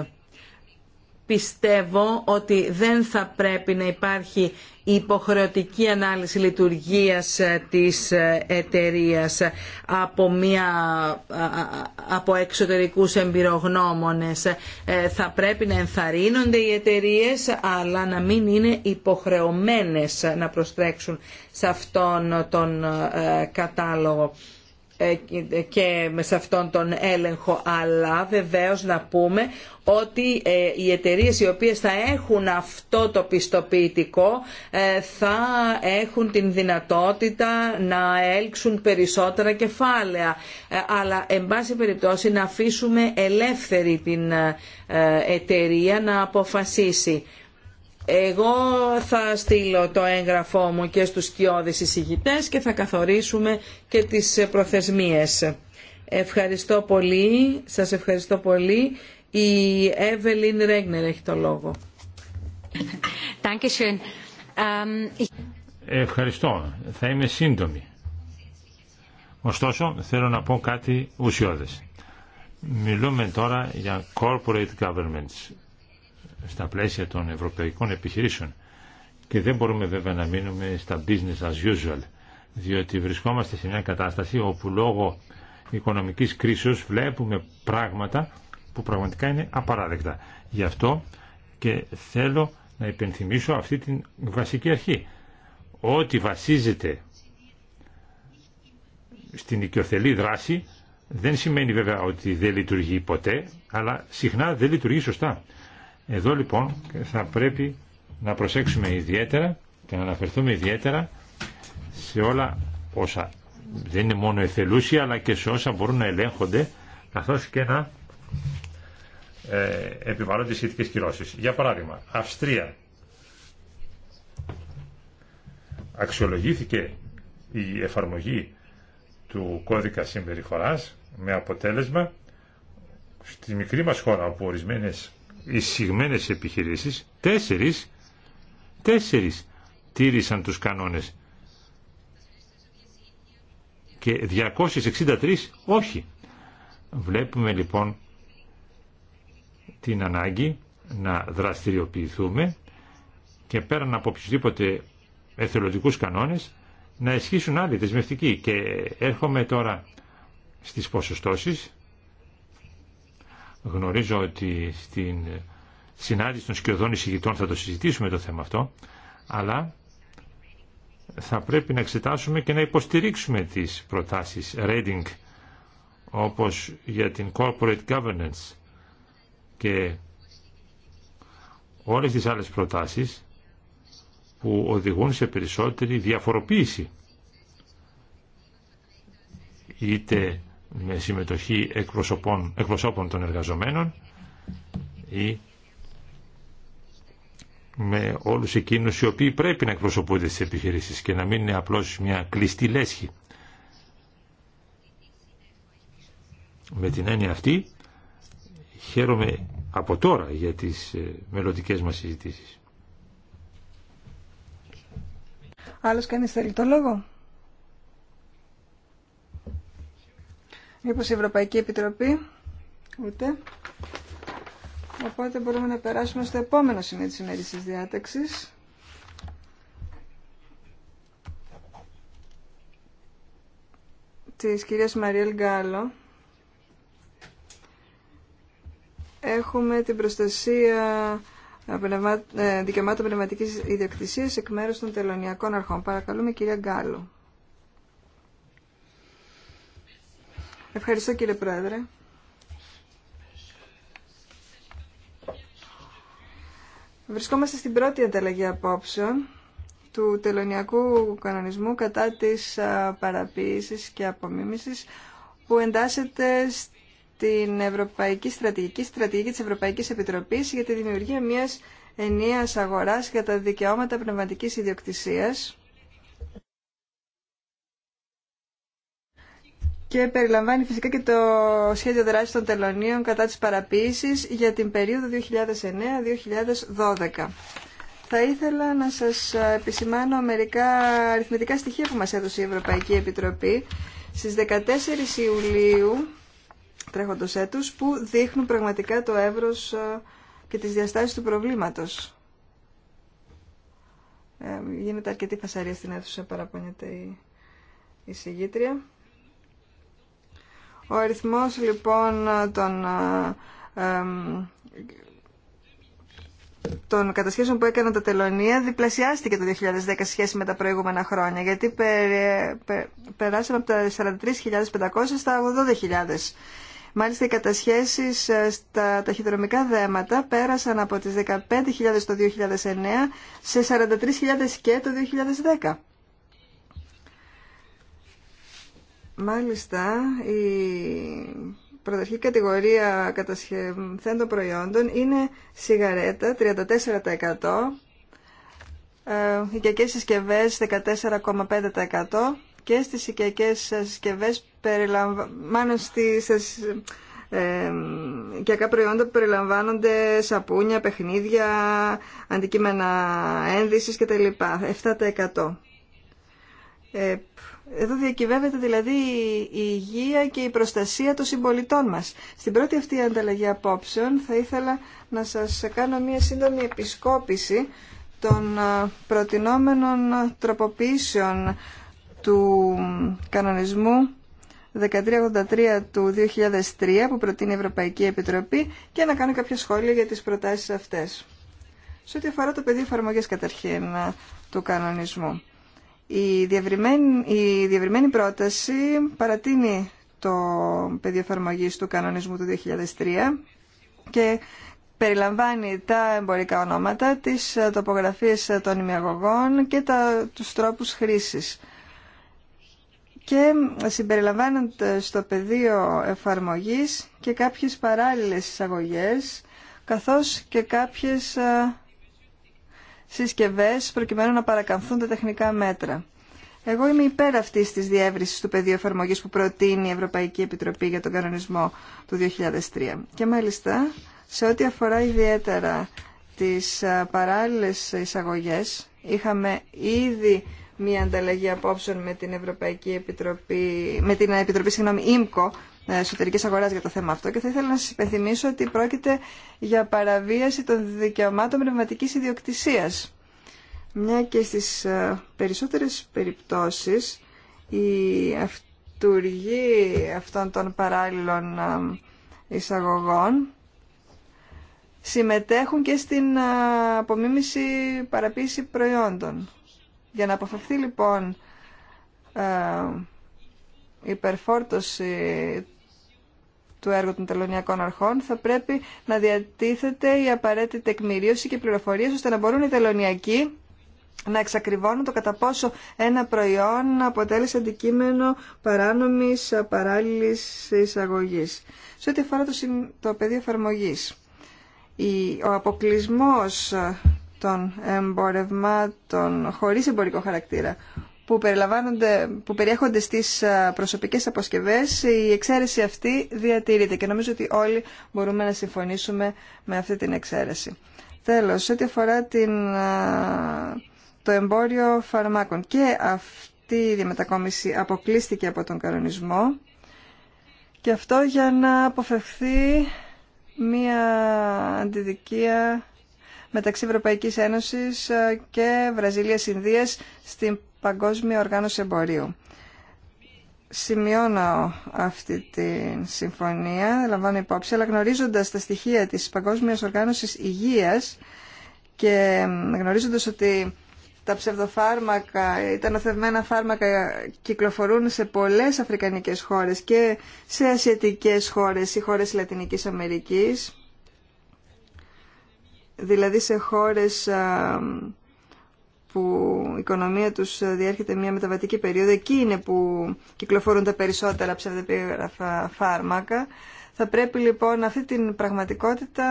πιστεύω ότι δεν θα πρέπει να υπάρχει υποχρεωτική ανάλυση λειτουργίας ε, της ε, εταιρείας από, μια, από εξωτερικούς εμπειρογνώμονες. Ε, θα πρέπει να ενθαρρύνονται οι εταιρείες αλλά να μην είναι υποχρεωμένες να προστρέξουν σε αυτόν τον κατάλογο. Ε, και σε αυτόν τον έλεγχο αλλά βεβαίως να πούμε ότι ε, οι εταιρείες οι οποίες θα έχουν αυτό το πιστοποιητικό ε, θα έχουν την δυνατότητα να έλξουν περισσότερα κεφάλαια αλλά εν πάση περιπτώσει να αφήσουμε ελεύθερη την εταιρεία να αποφασίσει. Εγώ θα στείλω το έγγραφό μου και στους κοιόδης εισηγητές και θα καθορίσουμε και τις προθεσμίες. Ευχαριστώ πολύ, σας ευχαριστώ πολύ. Η Εύελιν Ρέγνερ έχει το λόγο. Ähm, ευχαριστώ. Θα είμαι σύντομη. Ωστόσο, θέλω να πω κάτι ουσιώδες. Μιλούμε τώρα για corporate governments στα πλαίσια των ευρωπαϊκών επιχειρήσεων. Και δεν μπορούμε βέβαια να μείνουμε στα business as usual, διότι βρισκόμαστε σε μια κατάσταση όπου λόγω οικονομικής κρίσεως βλέπουμε πράγματα που πραγματικά είναι απαράδεκτα. Γι' αυτό και θέλω να υπενθυμίσω αυτή την βασική αρχή. Ό,τι βασίζεται στην οικειοθελή δράση δεν σημαίνει βέβαια ότι δεν λειτουργεί ποτέ, αλλά συχνά δεν λειτουργεί σωστά. Εδώ λοιπόν θα πρέπει να προσέξουμε ιδιαίτερα και να αναφερθούμε ιδιαίτερα σε όλα όσα δεν είναι μόνο εθελούσια αλλά και σε όσα μπορούν να ελέγχονται καθώς και να ε, επιβάλλονται σχετικές κυρώσεις. Για παράδειγμα, Αυστρία αξιολογήθηκε η εφαρμογή του κώδικα συμπεριφοράς με αποτέλεσμα στη μικρή μας χώρα όπου ορισμένες εισηγμένες επιχειρήσεις, τέσσερις, τέσσερις τήρησαν τους κανόνες και 263 όχι. Βλέπουμε λοιπόν την ανάγκη να δραστηριοποιηθούμε και πέραν από οποιουσδήποτε εθελοντικούς κανόνες να ισχύσουν άλλοι δεσμευτικοί. Και έρχομαι τώρα στις ποσοστώσεις Γνωρίζω ότι στην συνάντηση των σκιωδών εισηγητών θα το συζητήσουμε το θέμα αυτό, αλλά θα πρέπει να εξετάσουμε και να υποστηρίξουμε τις προτάσεις Reading, όπως για την Corporate Governance και όλες τις άλλες προτάσεις που οδηγούν σε περισσότερη διαφοροποίηση είτε με συμμετοχή εκπροσωπών, εκπροσώπων των εργαζομένων ή με όλους εκείνους οι οποίοι πρέπει να εκπροσωπούνται στις επιχειρήσεις και να μην είναι απλώς μια κλειστή λέσχη. Με την έννοια αυτή χαίρομαι από τώρα για τις ε, μελλοντικές μας συζητήσεις. Άλλος κανείς θέλει λόγο. Μήπως η Ευρωπαϊκή Επιτροπή, ούτε. Οπότε μπορούμε να περάσουμε στο επόμενο σημείο της ημέρης της διάταξης. Της κυρίας Μαριέλ Γκάλο. Έχουμε την προστασία ε, ε, δικαιωμάτων πνευματικής ιδιοκτησίας εκ μέρους των τελωνιακών αρχών. Παρακαλούμε κυρία Γκάλο. Ευχαριστώ κύριε Πρόεδρε. Βρισκόμαστε στην πρώτη ανταλλαγή απόψεων του τελωνιακού κανονισμού κατά της παραποίησης και απομίμησης που εντάσσεται στην Ευρωπαϊκή Στρατηγική, Στρατηγική της Ευρωπαϊκής Επιτροπής για τη δημιουργία μιας ενιαίας αγοράς για τα δικαιώματα πνευματικής ιδιοκτησίας και περιλαμβάνει φυσικά και το σχέδιο δράση των τελωνίων κατά της παραποίηση για την περίοδο 2009-2012. Θα ήθελα να σας επισημάνω μερικά αριθμητικά στοιχεία που μας έδωσε η Ευρωπαϊκή Επιτροπή στις 14 Ιουλίου τρέχοντος έτους που δείχνουν πραγματικά το εύρος ε, και τις διαστάσεις του προβλήματος. Ε, γίνεται αρκετή φασαρία στην αίθουσα, παραπονιέται η, η συγγήτρια. Ο αριθμός λοιπόν ε, των, κατασχέσεων που έκαναν τα τελωνία διπλασιάστηκε το 2010 σχέση με τα προηγούμενα χρόνια γιατί περ, περάσαμε από τα 43.500 στα 80.000. Μάλιστα οι κατασχέσεις ε, στα ταχυδρομικά δέματα πέρασαν από τις 15.000 το 2009 σε 43.000 και το 2010. Μάλιστα, η πρωταρχική κατηγορία κατασκευθέντων προϊόντων είναι σιγαρέτα 34%, ε, οικιακές συσκευέ 14,5% και στις οικιακές συσκευές στις ε, οικιακά προϊόντα που περιλαμβάνονται σαπούνια, παιχνίδια, αντικείμενα ένδυσης κτλ. 7%. Εδώ διακυβεύεται δηλαδή η υγεία και η προστασία των συμπολιτών μας. Στην πρώτη αυτή ανταλλαγή απόψεων θα ήθελα να σας κάνω μία σύντομη επισκόπηση των ε, προτινόμενων τροποποίησεων του κανονισμού 1383 του 2003 που προτείνει η Ευρωπαϊκή Επιτροπή και να κάνω κάποια σχόλια για τις προτάσεις αυτές. Σε ό,τι αφορά το πεδίο εφαρμογή καταρχήν ε, του κανονισμού. Η διευρυμένη, η πρόταση παρατείνει το πεδίο εφαρμογή του κανονισμού του 2003 και περιλαμβάνει τα εμπορικά ονόματα, τις τοπογραφίες των ημιαγωγών και τα, τους τρόπους χρήσης. Και συμπεριλαμβάνονται στο πεδίο εφαρμογής και κάποιες παράλληλες εισαγωγές, καθώς και κάποιες ε, συσκευές προκειμένου να παρακαμφθούν τα τεχνικά μέτρα. Εγώ είμαι υπέρ αυτή τη διεύρυνση του πεδίου εφαρμογή που προτείνει η Ευρωπαϊκή Επιτροπή για τον κανονισμό του 2003. Και μάλιστα σε ό,τι αφορά ιδιαίτερα τις παράλληλε εισαγωγέ, είχαμε ήδη μία ανταλλαγή απόψεων με την Ευρωπαϊκή Επιτροπή, με την Επιτροπή συγγνώμη, ΙΜΚΟ ε, εσωτερική αγορά για το θέμα αυτό και θα ήθελα να σα υπενθυμίσω ότι πρόκειται για παραβίαση των δικαιωμάτων πνευματική ιδιοκτησία. Μια και στι ε, περισσότερε περιπτώσει η αυτούργοι αυτών των παράλληλων ε, εισαγωγών συμμετέχουν και στην απομίμηση παραποίηση προϊόντων. Για να αποφευθεί λοιπόν η υπερφόρτωση του έργου των τελωνιακών αρχών, θα πρέπει να διατίθεται η απαραίτητη τεκμηρίωση και πληροφορίες ώστε να μπορούν οι τελωνιακοί να εξακριβώνουν το κατά πόσο ένα προϊόν αποτέλεσε αντικείμενο παράνομης παράλληλης εισαγωγής. Σε ό,τι αφορά το, πεδίο εφαρμογή. ο αποκλεισμός των εμπορευμάτων χωρίς εμπορικό χαρακτήρα που, που περιέχονται στις ε, προσωπικές αποσκευές, η εξαίρεση αυτή διατηρείται και νομίζω ότι όλοι μπορούμε να συμφωνήσουμε με αυτή την εξαίρεση. Τέλος, ό,τι αφορά την, ε, το εμπόριο φαρμάκων και αυτή η διαμετακόμιση αποκλείστηκε από τον κανονισμό και αυτό για να αποφευχθεί μία αντιδικία μεταξύ Ευρωπαϊκής Ένωσης ε, και Βραζιλίας Ινδίας στην Παγκόσμια Οργάνωση Εμπορίου. Σημειώνω αυτή τη συμφωνία, λαμβάνω υπόψη, αλλά γνωρίζοντας τα στοιχεία της Παγκόσμιας Οργάνωσης Υγείας και γνωρίζοντας ότι τα ψευδοφάρμακα τα νοθευμένα φάρμακα κυκλοφορούν σε πολλές αφρικανικές χώρες και σε ασιατικές χώρες ή χώρες Λατινικής Αμερικής, δηλαδή σε χώρες που η οικονομία τους διέρχεται μια μεταβατική περίοδο, εκεί είναι που κυκλοφορούν τα περισσότερα ψευδεπίγραφα φάρμακα. Θα πρέπει λοιπόν αυτή την πραγματικότητα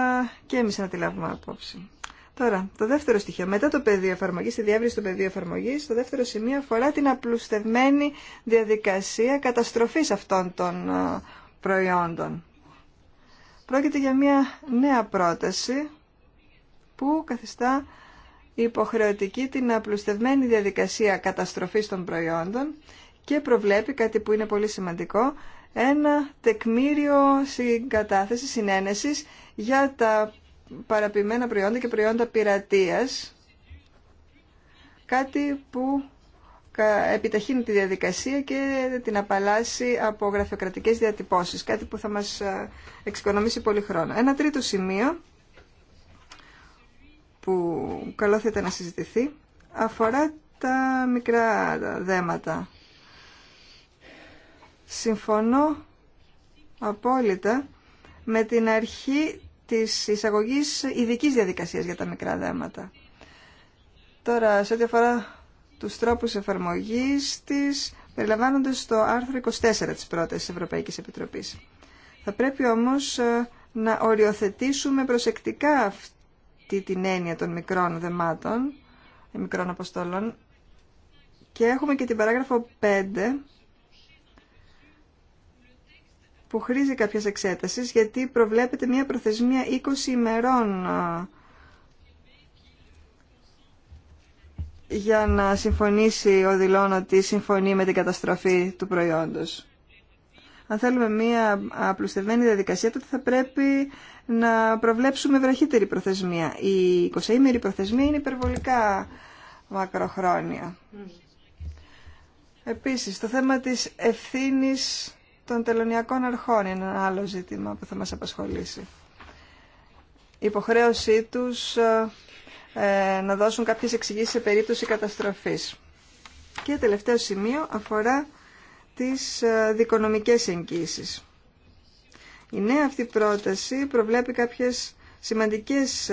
και εμείς να τη λάβουμε απόψη. Τώρα, το δεύτερο στοιχείο. Μετά το πεδίο εφαρμογή, τη διεύρυνση του πεδίου εφαρμογή, το δεύτερο σημείο αφορά την απλουστευμένη διαδικασία καταστροφή αυτών των ε, προϊόντων. Πρόκειται για μια νέα πρόταση που καθιστά υποχρεωτική την απλουστευμένη διαδικασία καταστροφής των προϊόντων και προβλέπει κάτι που είναι πολύ σημαντικό, ένα τεκμήριο συγκατάθεση, συνένεσης για τα παραποιημένα προϊόντα και προϊόντα πειρατείας, κάτι που επιταχύνει τη διαδικασία και την απαλλάσσει από γραφειοκρατικές διατυπώσεις, κάτι που θα μας ε, εξοικονομήσει πολύ χρόνο. Ένα τρίτο σημείο που καλό θα να συζητηθεί αφορά τα μικρά δέματα. Συμφωνώ απόλυτα με την αρχή της εισαγωγής ειδική διαδικασίας για τα μικρά δέματα. Τώρα, σε ό,τι αφορά τους τρόπους εφαρμογής της, περιλαμβάνονται στο άρθρο 24 της πρώτης Ευρωπαϊκής Επιτροπής. Θα πρέπει όμως ε, να οριοθετήσουμε προσεκτικά αυτή την έννοια των μικρών δεμάτων, μικρών αποστολών. Και έχουμε και την παράγραφο 5 που χρήζει κάποιας εξέτασης γιατί προβλέπεται μια προθεσμία 20 ημερών για να συμφωνήσει ο δηλών ότι συμφωνεί με την καταστροφή του προϊόντος. Αν θέλουμε μία απλουστευμένη διαδικασία, τότε θα πρέπει να προβλέψουμε βραχύτερη προθεσμία. Η 20ήμερη προθεσμία είναι υπερβολικά μακροχρόνια. Επίσης, το θέμα της ευθύνης των τελωνιακών αρχών είναι ένα άλλο ζήτημα που θα μας απασχολήσει. Η υποχρέωσή τους ε, να δώσουν κάποιες εξηγήσεις σε περίπτωση καταστροφής. Και τελευταίο σημείο αφορά τις ε, δικονομικές εγγύσεις. Η νέα αυτή πρόταση προβλέπει κάποιες σημαντικές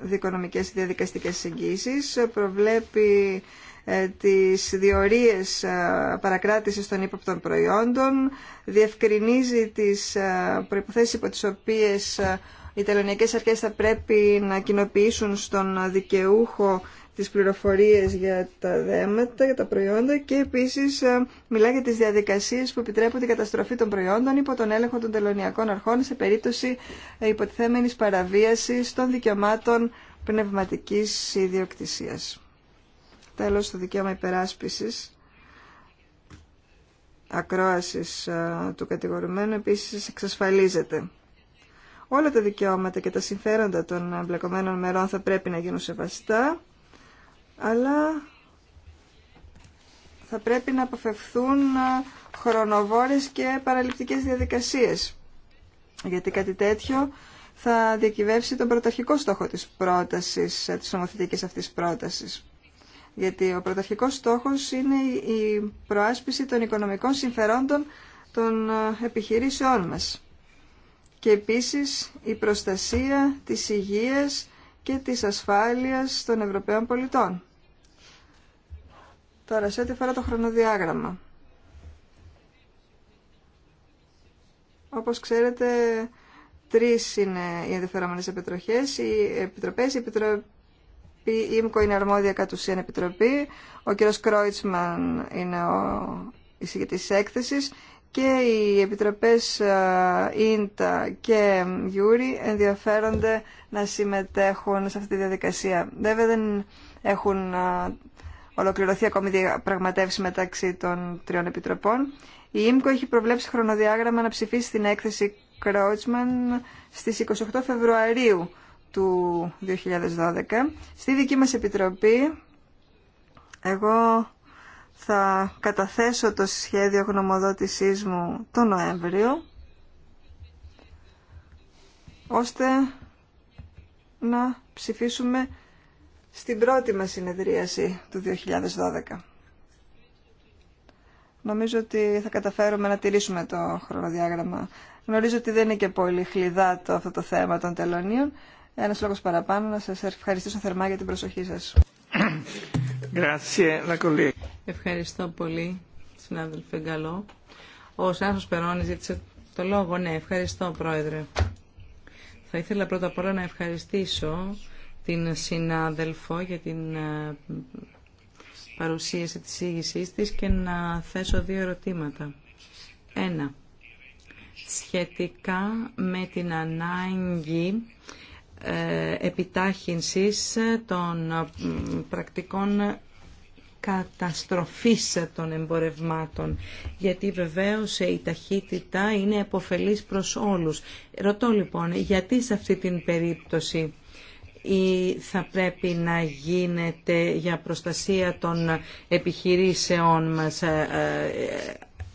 δικονομικές διαδικαστικές εγγύσεις, προβλέπει ε, τις διορίες παρακράτησης των ύποπτων προϊόντων, διευκρινίζει τις προϋποθέσεις υπό τις οποίες οι τελωνιακές αρχές θα πρέπει να κοινοποιήσουν στον δικαιούχο τις πληροφορίες για τα δέματα, για τα προϊόντα και επίσης ε, μιλά για τις διαδικασίες που επιτρέπουν την καταστροφή των προϊόντων υπό τον έλεγχο των τελωνιακών αρχών σε περίπτωση ε, υποτιθέμενης παραβίασης των δικαιωμάτων πνευματικής ιδιοκτησίας. Τέλος, το δικαίωμα υπεράσπισης ακρόασης ε, του κατηγορουμένου επίσης εξασφαλίζεται. Όλα τα δικαιώματα και τα συμφέροντα των εμπλεκομένων μερών θα πρέπει να γίνουν σεβαστά αλλά θα πρέπει να αποφευθούν χρονοβόρες και παραληπτικές διαδικασίες. Γιατί κάτι τέτοιο θα διακυβεύσει τον πρωταρχικό στόχο της πρότασης, της νομοθετικής αυτής πρότασης. Γιατί ο πρωταρχικός στόχος είναι η προάσπιση των οικονομικών συμφερόντων των ε, επιχειρήσεών μας. Και επίσης η προστασία της υγείας και της ασφάλειας των Ευρωπαίων πολιτών. Τώρα, σε ό,τι αφορά το χρονοδιάγραμμα. Όπως ξέρετε, τρεις είναι οι ενδιαφερόμενες επιτροχές, οι επιτροπές, η Επιτροπή ΙΜΚΟ είναι αρμόδια κατ' ουσίαν επιτροπή, ο κ. Κρόιτσμαν είναι ο εισηγητής έκθεσης και οι επιτροπές ε, ΙΝΤΑ και Γιούρι ενδιαφέρονται να συμμετέχουν σε αυτή τη διαδικασία. Βέβαια δεν έχουν ε, ολοκληρωθεί ακόμη διαπραγματεύση μεταξύ των τριών επιτροπών. Η ΙΜΚΟ έχει προβλέψει χρονοδιάγραμμα να ψηφίσει την έκθεση Κρότσμαν στις 28 Φεβρουαρίου του 2012. Στη δική μας επιτροπή εγώ θα καταθέσω το σχέδιο γνωμοδότησής μου το Νοέμβριο ώστε να ψηφίσουμε στην πρώτη μας συνεδρίαση του 2012. Νομίζω ότι θα καταφέρουμε να τηρήσουμε το χρονοδιάγραμμα. Γνωρίζω ότι δεν είναι και πολύ χλιδάτο αυτό το θέμα των τελωνίων. Ένας λόγος παραπάνω να σας ευχαριστήσω θερμά για την προσοχή σας. Ευχαριστώ πολύ, συνάδελφε Γκαλό. Ο Σάσος Περώνης ζήτησε το λόγο. Ναι, ευχαριστώ, Πρόεδρε. Θα ήθελα πρώτα απ' όλα να ευχαριστήσω την συνάδελφο για την ε, παρουσίαση της σύγησής της και να θέσω δύο ερωτήματα. Ένα, σχετικά με την ανάγκη ε, επιτάχυνσης των ε, πρακτικών καταστροφής των εμπορευμάτων, γιατί βεβαίως η ταχύτητα είναι επωφελής προς όλους. Ρωτώ λοιπόν, γιατί σε αυτή την περίπτωση ή θα πρέπει να γίνεται για προστασία των επιχειρήσεών μας ε, ε,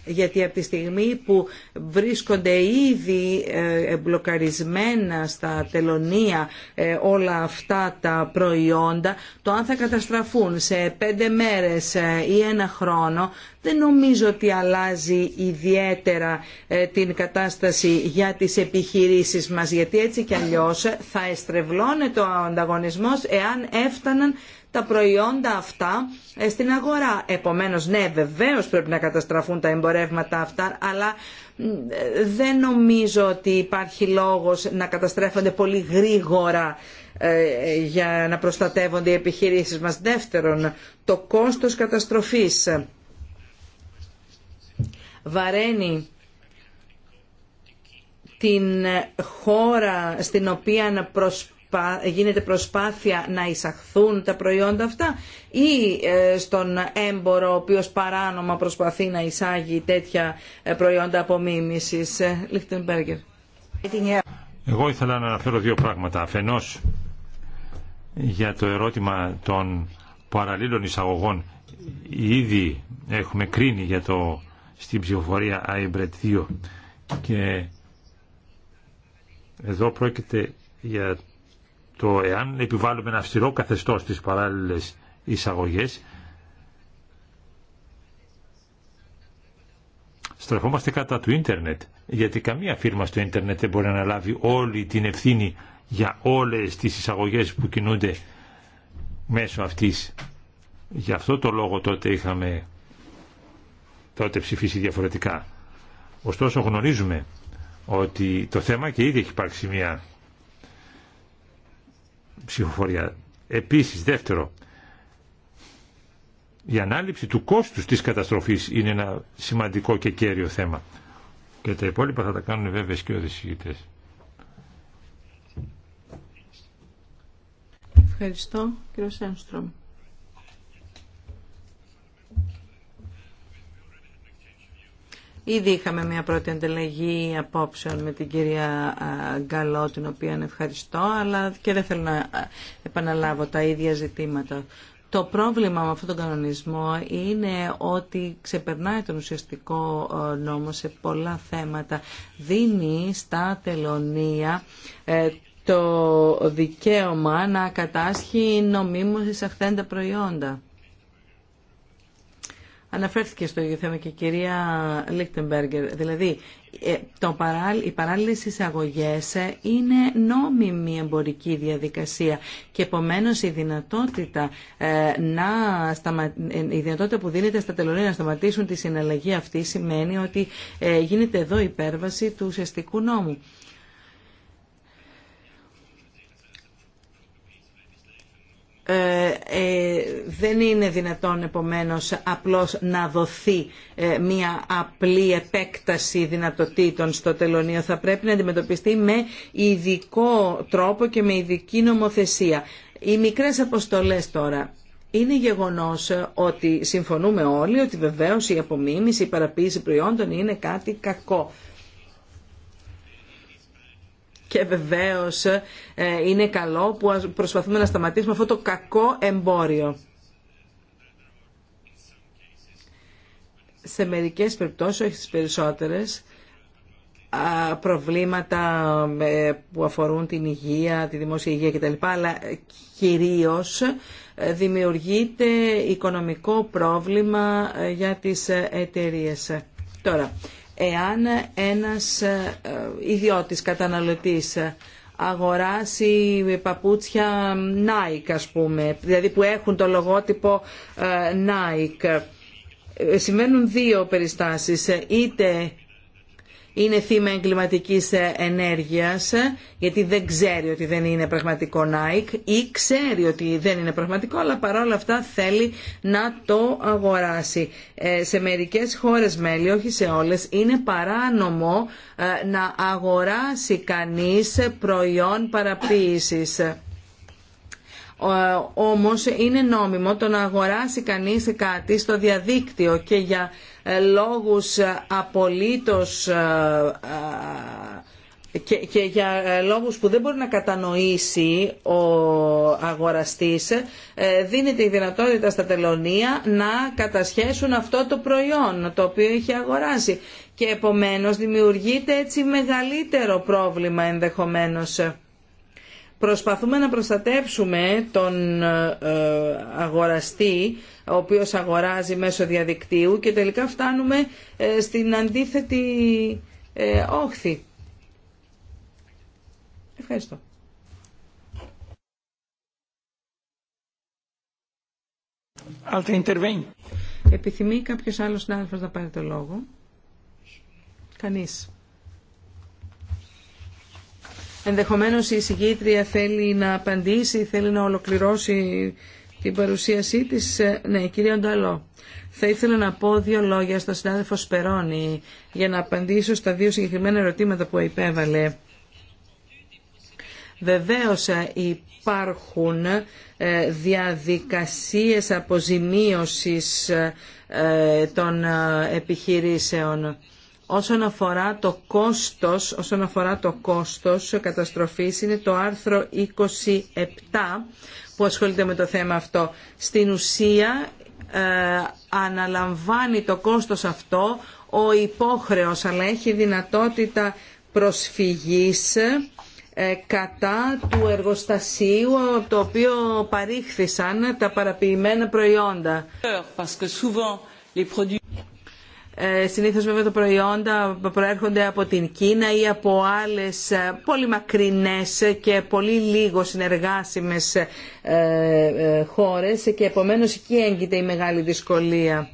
γιατί από τη στιγμή που βρίσκονται ήδη ε, μπλοκαρισμένα στα τελωνία ε, όλα αυτά τα προϊόντα, το αν θα καταστραφούν σε πέντε μέρες ε, ή ένα χρόνο δεν νομίζω ότι αλλάζει ιδιαίτερα την κατάσταση για τις επιχειρήσεις μας, γιατί έτσι κι αλλιώς θα εστρεβλώνεται το ανταγωνισμός εάν έφταναν τα προϊόντα αυτά ε, στην αγορά. Επομένως, ναι, βεβαίως πρέπει να καταστραφούν τα εμπορεύματα αυτά, αλλά ε, δεν νομίζω ότι υπάρχει λόγος να καταστρέφονται πολύ γρήγορα ε, για να προστατεύονται οι επιχειρήσεις μας. Δεύτερον, το κόστος καταστροφής βαραίνει την χώρα στην οποία προσπαθούν γίνεται προσπάθεια να εισαχθούν τα προϊόντα αυτά ή ε, στον έμπορο ο οποίος παράνομα προσπαθεί να εισάγει τέτοια ε, προϊόντα απομίμησης. Ε, Λιχτενμπέργκερ. Εγώ ήθελα να αναφέρω δύο πράγματα. Αφενός για το ερώτημα των παραλλήλων εισαγωγών ήδη έχουμε κρίνει για το στην ψηφοφορία iBred 2 και εδώ πρόκειται για το εάν επιβάλλουμε ένα αυστηρό καθεστώς στις παράλληλες εισαγωγές στραφόμαστε κατά του ίντερνετ γιατί καμία φίρμα στο ίντερνετ δεν μπορεί να λάβει όλη την ευθύνη για όλες τις εισαγωγές που κινούνται μέσω αυτής. Γι' αυτό το λόγο τότε είχαμε τότε ψηφίσει διαφορετικά. Ωστόσο γνωρίζουμε ότι το θέμα και ήδη έχει υπάρξει μια ψηφοφορία. Επίσης, δεύτερο, η ανάληψη του κόστους της καταστροφής είναι ένα σημαντικό και κέριο θέμα. Και τα υπόλοιπα θα τα κάνουν βέβαια και ο Ευχαριστώ, κύριο Σένστρομ. Ήδη είχαμε μια πρώτη ανταλλαγή απόψεων με την κυρία Γκαλό, την οποία ευχαριστώ, αλλά και δεν θέλω να επαναλάβω τα ίδια ζητήματα. Το πρόβλημα με αυτόν τον κανονισμό είναι ότι ξεπερνάει τον ουσιαστικό νόμο σε πολλά θέματα. Δίνει στα τελωνία ε, το δικαίωμα να κατάσχει νομίμως εισαχθέντα προϊόντα. Αναφέρθηκε στο ίδιο θέμα και η κυρία Λίχτεμπεργκερ. Δηλαδή, ε, το παράλληλη οι παράλληλε ε, είναι νόμιμη εμπορική διαδικασία και επομένω η δυνατότητα, ε, να η δυνατότητα που δίνεται στα τελωνία να σταματήσουν τη συναλλαγή αυτή σημαίνει ότι γίνεται εδώ υπέρβαση του ουσιαστικού νόμου. Ε, ε, δεν είναι δυνατόν επομένως απλώς να δοθεί ε, μια απλή επέκταση δυνατοτήτων στο τελωνίο. Θα πρέπει να αντιμετωπιστεί με ειδικό τρόπο και με ειδική νομοθεσία. Οι μικρές αποστολές τώρα. Είναι γεγονός ότι συμφωνούμε όλοι ότι βεβαίως η απομίμηση, η παραποίηση προϊόντων είναι κάτι κακό. Και βεβαίως ε, είναι καλό που προσπαθούμε να σταματήσουμε αυτό το κακό εμπόριο. Σε μερικές περιπτώσεις, όχι στις περισσότερες, προβλήματα ε, που αφορούν την υγεία, τη δημόσια υγεία κτλ. Αλλά κυρίως ε, δημιουργείται οικονομικό πρόβλημα για τις εταιρείε. Τώρα, Εάν ένας ε, ε, ιδιώτης καταναλωτής αγοράσει παπούτσια Nike ας πούμε, δηλαδή που έχουν το λογότυπο ε, Nike, σημαίνουν δύο περιστάσεις. Είτε είναι θύμα εγκληματικής ε, ενέργειας ε, γιατί δεν ξέρει ότι δεν είναι πραγματικό Nike ή ξέρει ότι δεν είναι πραγματικό αλλά παρόλα αυτά θέλει να το αγοράσει. Ε, σε μερικές χώρες μέλη, όχι σε όλες, είναι παράνομο να αγοράσει κανείς προϊόν παραποίησης ε, όμως είναι νόμιμο το να αγοράσει κανείς κάτι στο διαδίκτυο και για ε, λόγους ε, απολύτως και, για λόγους που δεν μπορεί να κατανοήσει ο αγοραστής δίνεται η δυνατότητα στα τελωνία να κατασχέσουν αυτό το προϊόν το οποίο έχει αγοράσει και επομένως δημιουργείται έτσι μεγαλύτερο πρόβλημα ενδεχομένως. Προσπαθούμε να προστατεύσουμε τον ε, ε, αγοραστή ο οποίος αγοράζει μέσω διαδικτύου και τελικά φτάνουμε ε, στην αντίθετη όχθη. Ευχαριστώ. Επιθυμεί κάποιος άλλος συνάδελφος να πάρει το λόγο. Κανείς. Ενδεχομένως η εισηγήτρια θέλει να απαντήσει, θέλει να ολοκληρώσει την παρουσίασή της. Ε, ναι, κύριε Ανταλό, Θα ήθελα να πω δύο λόγια στον συνάδελφο Σπερώνη για να απαντήσω στα δύο συγκεκριμένα ερωτήματα που υπέβαλε. Βεβαίως ε, υπάρχουν ε, διαδικασίες αποζημίωσης των επιχειρήσεων Όσον αφορά το κόστος, όσον αφορά το κόστος καταστροφής είναι το άρθρο 27 που ασχολείται με το θέμα αυτό. Στην ουσία ε, αναλαμβάνει το κόστος αυτό ο υπόχρεος αλλά έχει δυνατότητα προσφυγής ε, κατά του εργοστασίου το οποίο παρήχθησαν τα παραποιημένα προϊόντα. Ε, συνήθως βέβαια τα προϊόντα προέρχονται από την Κίνα ή από άλλες ε, πολύ μακρινές και πολύ λίγο συνεργάσιμες ε, χώρες και επομένως εκεί έγκυται η μεγάλη δυσκολία.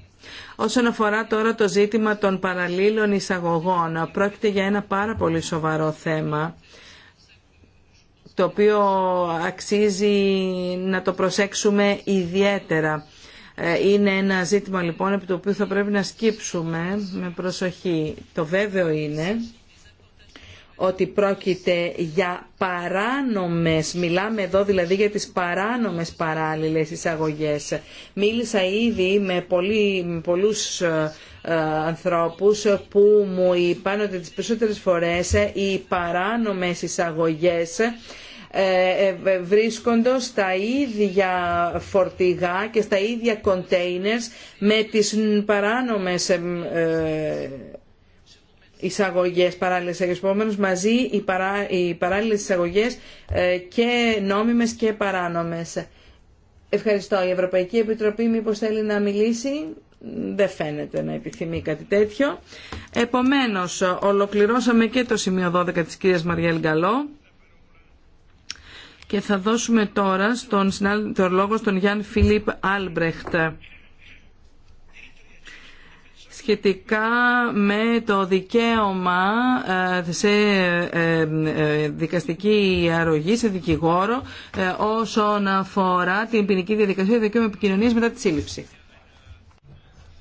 Όσον αφορά τώρα το ζήτημα των παραλλήλων εισαγωγών, πρόκειται για ένα πάρα πολύ σοβαρό θέμα το οποίο αξίζει να το προσέξουμε ιδιαίτερα. Ε, είναι ένα ζήτημα λοιπόν επί το οποίο θα πρέπει να σκύψουμε με προσοχή. Το βέβαιο είναι ότι πρόκειται για παράνομες, μιλάμε εδώ δηλαδή για τις παράνομες παράλληλες εισαγωγές. Μίλησα ήδη με, πολύ, με πολλούς ε, ε, ανθρώπους που μου είπαν ότι τις περισσότερες φορές οι παράνομες εισαγωγές ε, ε, βρίσκοντος στα ίδια φορτηγά και στα ίδια κοντέινερς με τις παράνομες ε, εισαγωγές, παράλληλες εισαγωγές, μαζί οι, παρά, οι παράλληλες εισαγωγές και νόμιμες και παράνομες. Ευχαριστώ. Η Ευρωπαϊκή Επιτροπή μήπως θέλει να μιλήσει. Δεν φαίνεται να επιθυμεί κάτι τέτοιο. Επομένως, ολοκληρώσαμε και το σημείο 12 της κυρίας Μαριέλ Γκαλό. Και θα δώσουμε τώρα στον συνάδελφο λόγο στον Γιάνν Φιλίπ Άλμπρεχτ σχετικά με το δικαίωμα ε, σε ε, ε, δικαστική αρρωγή, σε δικηγόρο, όσον αφορά την ποινική διαδικασία δικαίωμα επικοινωνία μετά τη σύλληψη.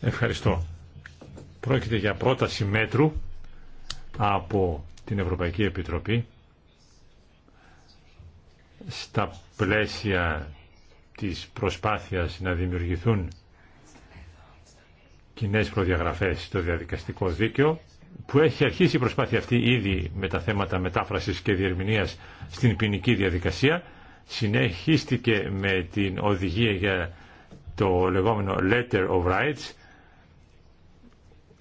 Ευχαριστώ. Πρόκειται για πρόταση μέτρου από την Ευρωπαϊκή Επιτροπή στα πλαίσια της προσπάθειας να δημιουργηθούν κοινέ προδιαγραφές στο διαδικαστικό δίκαιο που έχει αρχίσει η προσπάθεια αυτή ήδη με τα θέματα μετάφρασης και διερμηνίας στην ποινική διαδικασία συνεχίστηκε με την οδηγία για το λεγόμενο Letter of Rights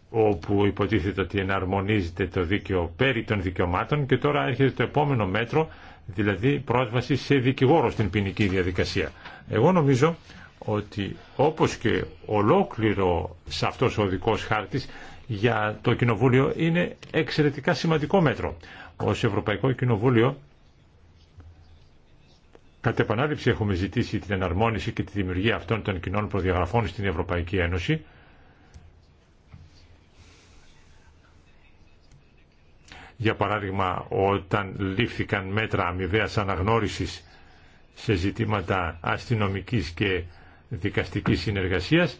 όπου υποτίθεται ότι εναρμονίζεται το δίκαιο περί των δικαιωμάτων και τώρα έρχεται το επόμενο μέτρο δηλαδή πρόσβαση σε δικηγόρο στην ποινική διαδικασία. Εγώ νομίζω ότι όπως και ολόκληρο σε αυτός ο δικός χάρτης για το Κοινοβούλιο είναι εξαιρετικά σημαντικό μέτρο. Ως Ευρωπαϊκό Κοινοβούλιο κατ' επανάληψη έχουμε ζητήσει την εναρμόνιση και τη δημιουργία αυτών των κοινών προδιαγραφών στην Ευρωπαϊκή Ένωση Για παράδειγμα, όταν λήφθηκαν μέτρα αμοιβαίας αναγνώρισης σε ζητήματα αστυνομικής και δικαστικής συνεργασίας,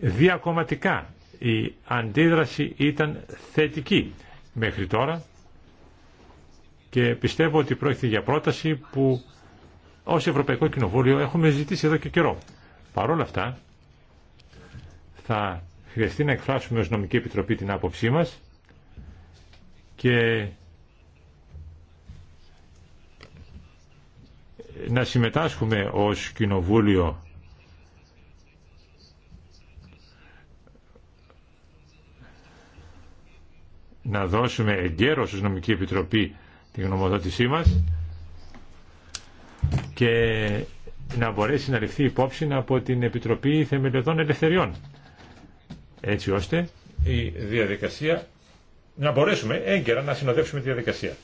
διακομματικά η αντίδραση ήταν θετική μέχρι τώρα και πιστεύω ότι πρόκειται για πρόταση που ως Ευρωπαϊκό Κοινοβούλιο έχουμε ζητήσει εδώ και καιρό. Παρ' όλα αυτά θα χρειαστεί να εκφράσουμε ως Νομική Επιτροπή την άποψή μας και να συμμετάσχουμε ως Κοινοβούλιο να δώσουμε εγκαίρως ως Νομική Επιτροπή τη γνωμοδότησή μας και να μπορέσει να ληφθεί υπόψη από την Επιτροπή Θεμελιωδών Ελευθεριών έτσι ώστε η διαδικασία να μπορέσουμε έγκαιρα να συνοδεύσουμε τη διαδικασία.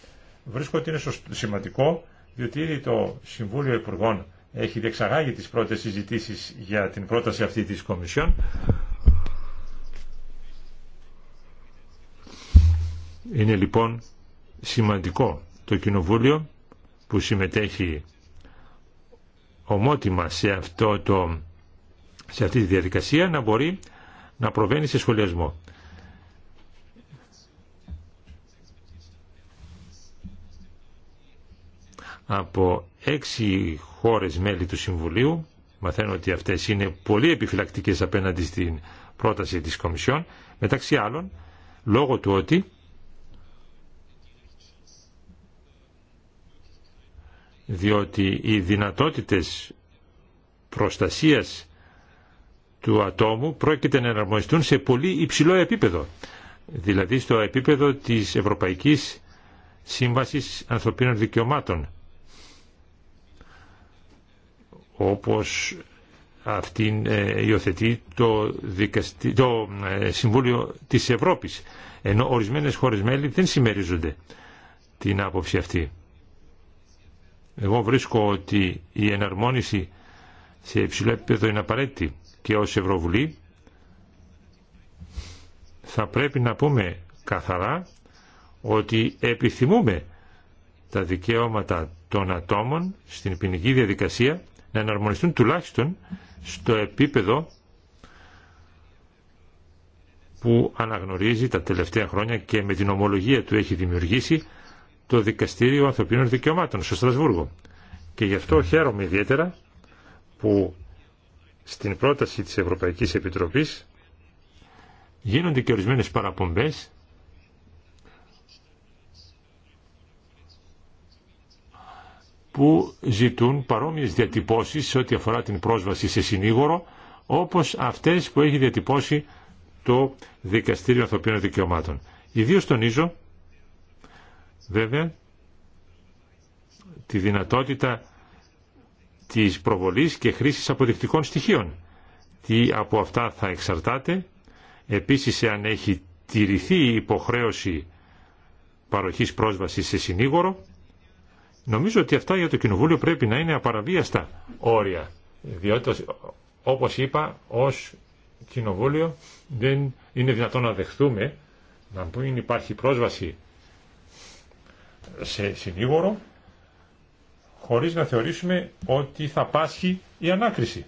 Βρίσκω ότι είναι σημαντικό, διότι ήδη το Συμβούλιο Υπουργών έχει διεξαγάγει τις πρώτες συζητήσεις για την πρόταση αυτή της Κομισιόν. Είναι λοιπόν σημαντικό το Κοινοβούλιο που συμμετέχει ομότιμα σε, αυτό το, σε αυτή τη διαδικασία να μπορεί να προβαίνει σε σχολιασμό. από έξι χώρες μέλη του Συμβουλίου, μαθαίνω ότι αυτές είναι πολύ επιφυλακτικές απέναντι στην πρόταση της Κομισιόν, μεταξύ άλλων, λόγω του ότι διότι οι δυνατότητες προστασίας του ατόμου πρόκειται να εναρμονιστούν σε πολύ υψηλό επίπεδο, δηλαδή στο επίπεδο της Ευρωπαϊκής Σύμβασης Ανθρωπίνων Δικαιωμάτων όπως αυτήν ε, υιοθετεί το, το ε, Συμβούλιο της Ευρώπης ενώ ορισμένες χώρες μέλη δεν συμμερίζονται την άποψη αυτή. Εγώ βρίσκω ότι η εναρμόνιση σε υψηλό επίπεδο είναι απαραίτητη και ως Ευρωβουλή θα πρέπει να πούμε καθαρά ότι επιθυμούμε τα δικαιώματα των ατόμων στην ποινική διαδικασία να εναρμονιστούν τουλάχιστον στο επίπεδο που αναγνωρίζει τα τελευταία χρόνια και με την ομολογία του έχει δημιουργήσει το Δικαστήριο Ανθρωπίνων Δικαιωμάτων στο Στρασβούργο. Και γι' αυτό χαίρομαι ιδιαίτερα που στην πρόταση της Ευρωπαϊκής Επιτροπής γίνονται και ορισμένες παραπομπές που ζητούν παρόμοιες διατυπώσεις σε ό,τι αφορά την πρόσβαση σε συνήγορο, όπως αυτές που έχει διατυπώσει το Δικαστήριο Ανθρωπίνων Δικαιωμάτων. Ιδίως τονίζω, βέβαια, τη δυνατότητα της προβολής και χρήσης αποδεικτικών στοιχείων. Τι από αυτά θα εξαρτάται, επίσης εάν έχει τηρηθεί η υποχρέωση παροχής πρόσβασης σε συνήγορο Νομίζω ότι αυτά για το Κοινοβούλιο πρέπει να είναι απαραβίαστα όρια, διότι όπως είπα ως Κοινοβούλιο δεν είναι δυνατόν να δεχθούμε να μην υπάρχει πρόσβαση σε συνήγορο χωρίς να θεωρήσουμε ότι θα πάσχει η ανάκριση.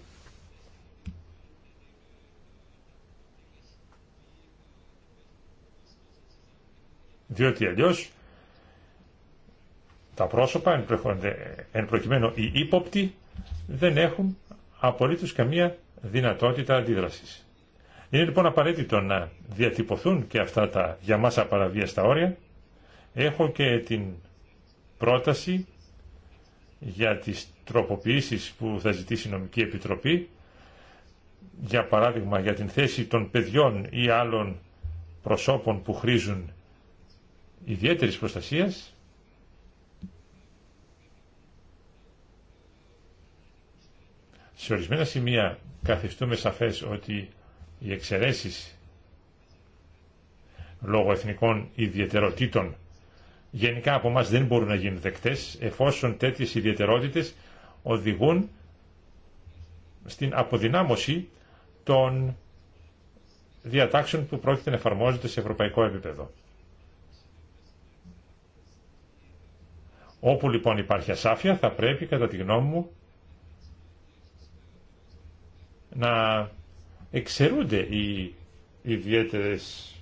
Διότι αλλιώς τα πρόσωπα, εν προκειμένου οι ύποπτοι, δεν έχουν απολύτως καμία δυνατότητα αντίδρασης. Είναι λοιπόν απαραίτητο να διατυπωθούν και αυτά τα για μας απαραβίαστα όρια. Έχω και την πρόταση για τις τροποποιήσεις που θα ζητήσει η Νομική Επιτροπή, για παράδειγμα για την θέση των παιδιών ή άλλων προσώπων που χρήζουν ιδιαίτερης προστασίας, Σε ορισμένα σημεία καθιστούμε σαφές ότι οι εξαιρέσεις λόγω εθνικών ιδιαιτεροτήτων γενικά από εμά δεν μπορούν να γίνουν δεκτές εφόσον τέτοιες ιδιαιτερότητες οδηγούν στην αποδυνάμωση των διατάξεων που πρόκειται να εφαρμόζονται σε ευρωπαϊκό επίπεδο. Όπου λοιπόν υπάρχει ασάφεια θα πρέπει κατά τη γνώμη μου να εξαιρούνται οι ιδιαίτερες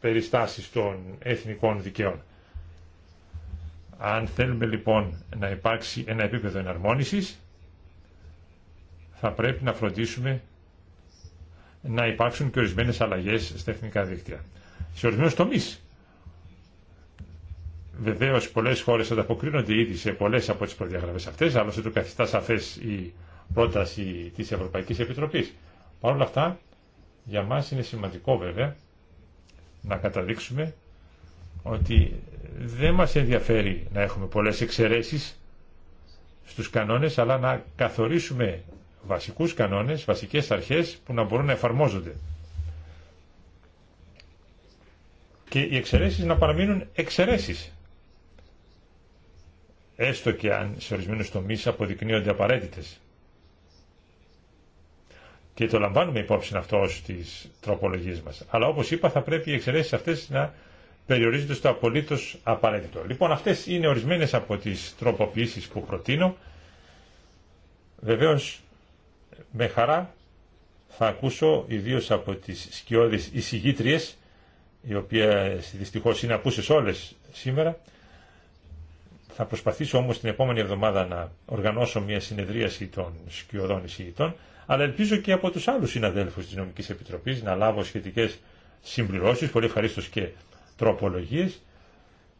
περιστάσεις των εθνικών δικαίων. Αν θέλουμε λοιπόν να υπάρξει ένα επίπεδο εναρμόνισης, θα πρέπει να φροντίσουμε να υπάρξουν και ορισμένε αλλαγέ στα εθνικά δίκτυα. Σε ορισμένου τομεί. Βεβαίω, πολλέ χώρε ανταποκρίνονται ήδη σε πολλέ από τι προδιαγραφέ αυτέ, άλλωστε το καθιστά σαφέ η πρόταση της Ευρωπαϊκής Επιτροπής. Παρ' όλα αυτά, για μας είναι σημαντικό βέβαια να καταδείξουμε ότι δεν μας ενδιαφέρει να έχουμε πολλές εξαιρέσεις στους κανόνες, αλλά να καθορίσουμε βασικούς κανόνες, βασικές αρχές που να μπορούν να εφαρμόζονται. Και οι εξαιρέσεις να παραμείνουν εξαιρέσεις. Έστω και αν σε ορισμένου τομεί αποδεικνύονται απαραίτητες. Και το λαμβάνουμε υπόψη αυτό στις τροπολογίες μας. Αλλά όπως είπα θα πρέπει οι εξαιρέσεις αυτές να περιορίζονται στο απολύτως απαραίτητο. Λοιπόν αυτές είναι ορισμένες από τις τροποποιήσεις που προτείνω. Βεβαίως με χαρά θα ακούσω ιδίω από τις σκιώδεις εισηγήτριες οι οποίες δυστυχώς είναι απούσες όλες σήμερα. Θα προσπαθήσω όμως την επόμενη εβδομάδα να οργανώσω μια συνεδρίαση των σκιωδών εισηγητών αλλά ελπίζω και από τους άλλους συναδέλφους της Νομικής Επιτροπής να λάβω σχετικές συμπληρώσεις, πολύ ευχαρίστως και τροπολογίες.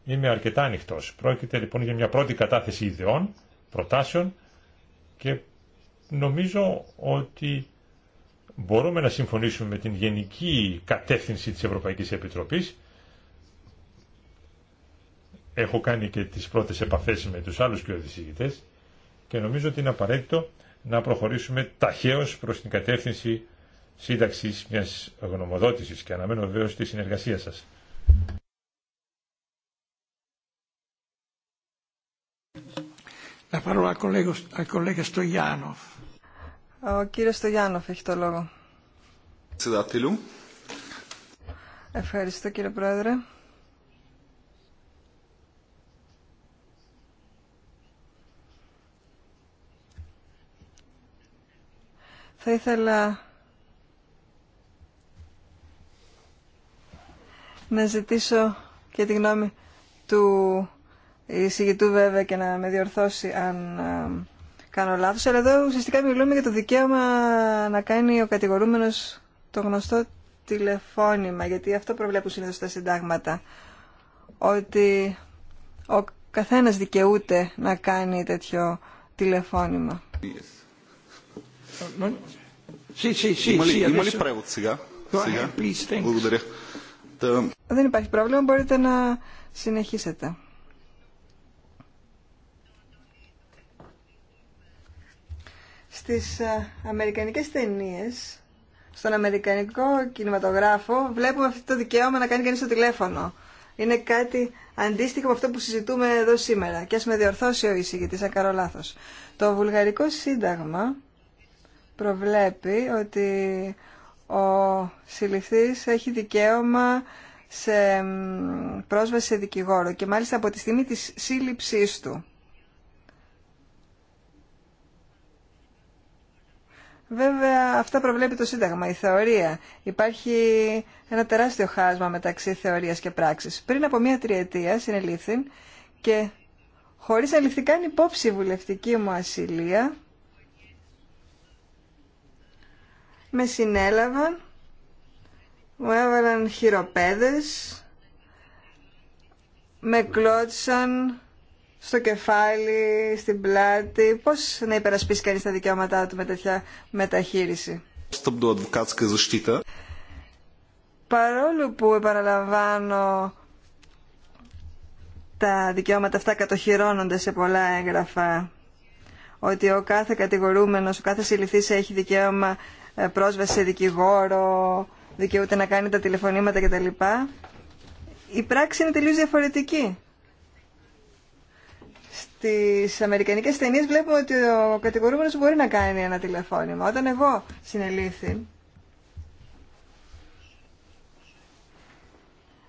Είμαι αρκετά ανοιχτό. Πρόκειται λοιπόν για μια πρώτη κατάθεση ιδεών, προτάσεων και νομίζω ότι μπορούμε να συμφωνήσουμε με την γενική κατεύθυνση της Ευρωπαϊκής Επιτροπής. Έχω κάνει και τις πρώτες επαφές με τους άλλους και και νομίζω ότι είναι απαραίτητο να προχωρήσουμε ταχαίως προς την κατεύθυνση σύνταξης μιας γνωμοδότησης και αναμένω βεβαίως τη συνεργασία σας. Ο κύριος Στογιάνοφ, έχει το λόγο. Ευχαριστώ κύριε Πρόεδρε. Θα ήθελα να ζητήσω και τη γνώμη του εισηγητού βέβαια και να με διορθώσει αν ε, κάνω λάθος, αλλά εδώ ουσιαστικά μιλούμε για το δικαίωμα να κάνει ο κατηγορούμενος το γνωστό τηλεφώνημα, γιατί αυτό προβλέπουν συνήθω τα συντάγματα, ότι ο καθένας δικαιούται να κάνει τέτοιο τηλεφώνημα. Δεν υπάρχει πρόβλημα, μπορείτε να συνεχίσετε. Στις ε, αμερικανικές ταινίες, στον αμερικανικό κινηματογράφο, βλέπουμε αυτό το δικαίωμα να κάνει κανείς το τηλέφωνο. Είναι κάτι αντίστοιχο με αυτό που συζητούμε εδώ σήμερα. Και ας με διορθώσει ο εισηγητής, αν κάνω λάθος. Το βουλγαρικό σύνταγμα προβλέπει ότι ο συλληφθής έχει δικαίωμα σε πρόσβαση σε δικηγόρο και μάλιστα από τη στιγμή της σύλληψής του. Βέβαια, αυτά προβλέπει το Σύνταγμα, η θεωρία. Υπάρχει ένα τεράστιο χάσμα μεταξύ θεωρίας και πράξης. Πριν από μία τριετία συνελήφθη και χωρίς να ληφθεί υπόψη η βουλευτική μου ασυλία, με συνέλαβαν, μου έβαλαν χειροπέδες, με κλώτσαν στο κεφάλι, στην πλάτη. Πώς να υπερασπίσει κανείς τα δικαιώματά του με τέτοια μεταχείριση. Παρόλο που επαναλαμβάνω τα δικαιώματα αυτά κατοχυρώνονται σε πολλά έγγραφα ότι ο κάθε κατηγορούμενος, ο κάθε συλληφθής έχει δικαίωμα ε, πρόσβαση σε δικηγόρο, δικαιούται να κάνει τα τηλεφωνήματα κτλ. Η πράξη είναι τελείως διαφορετική. Στις αμερικανικές ταινίες βλέπουμε ότι ο κατηγορούμενος μπορεί να κάνει ένα τηλεφώνημα. Όταν εγώ συνελήφθη,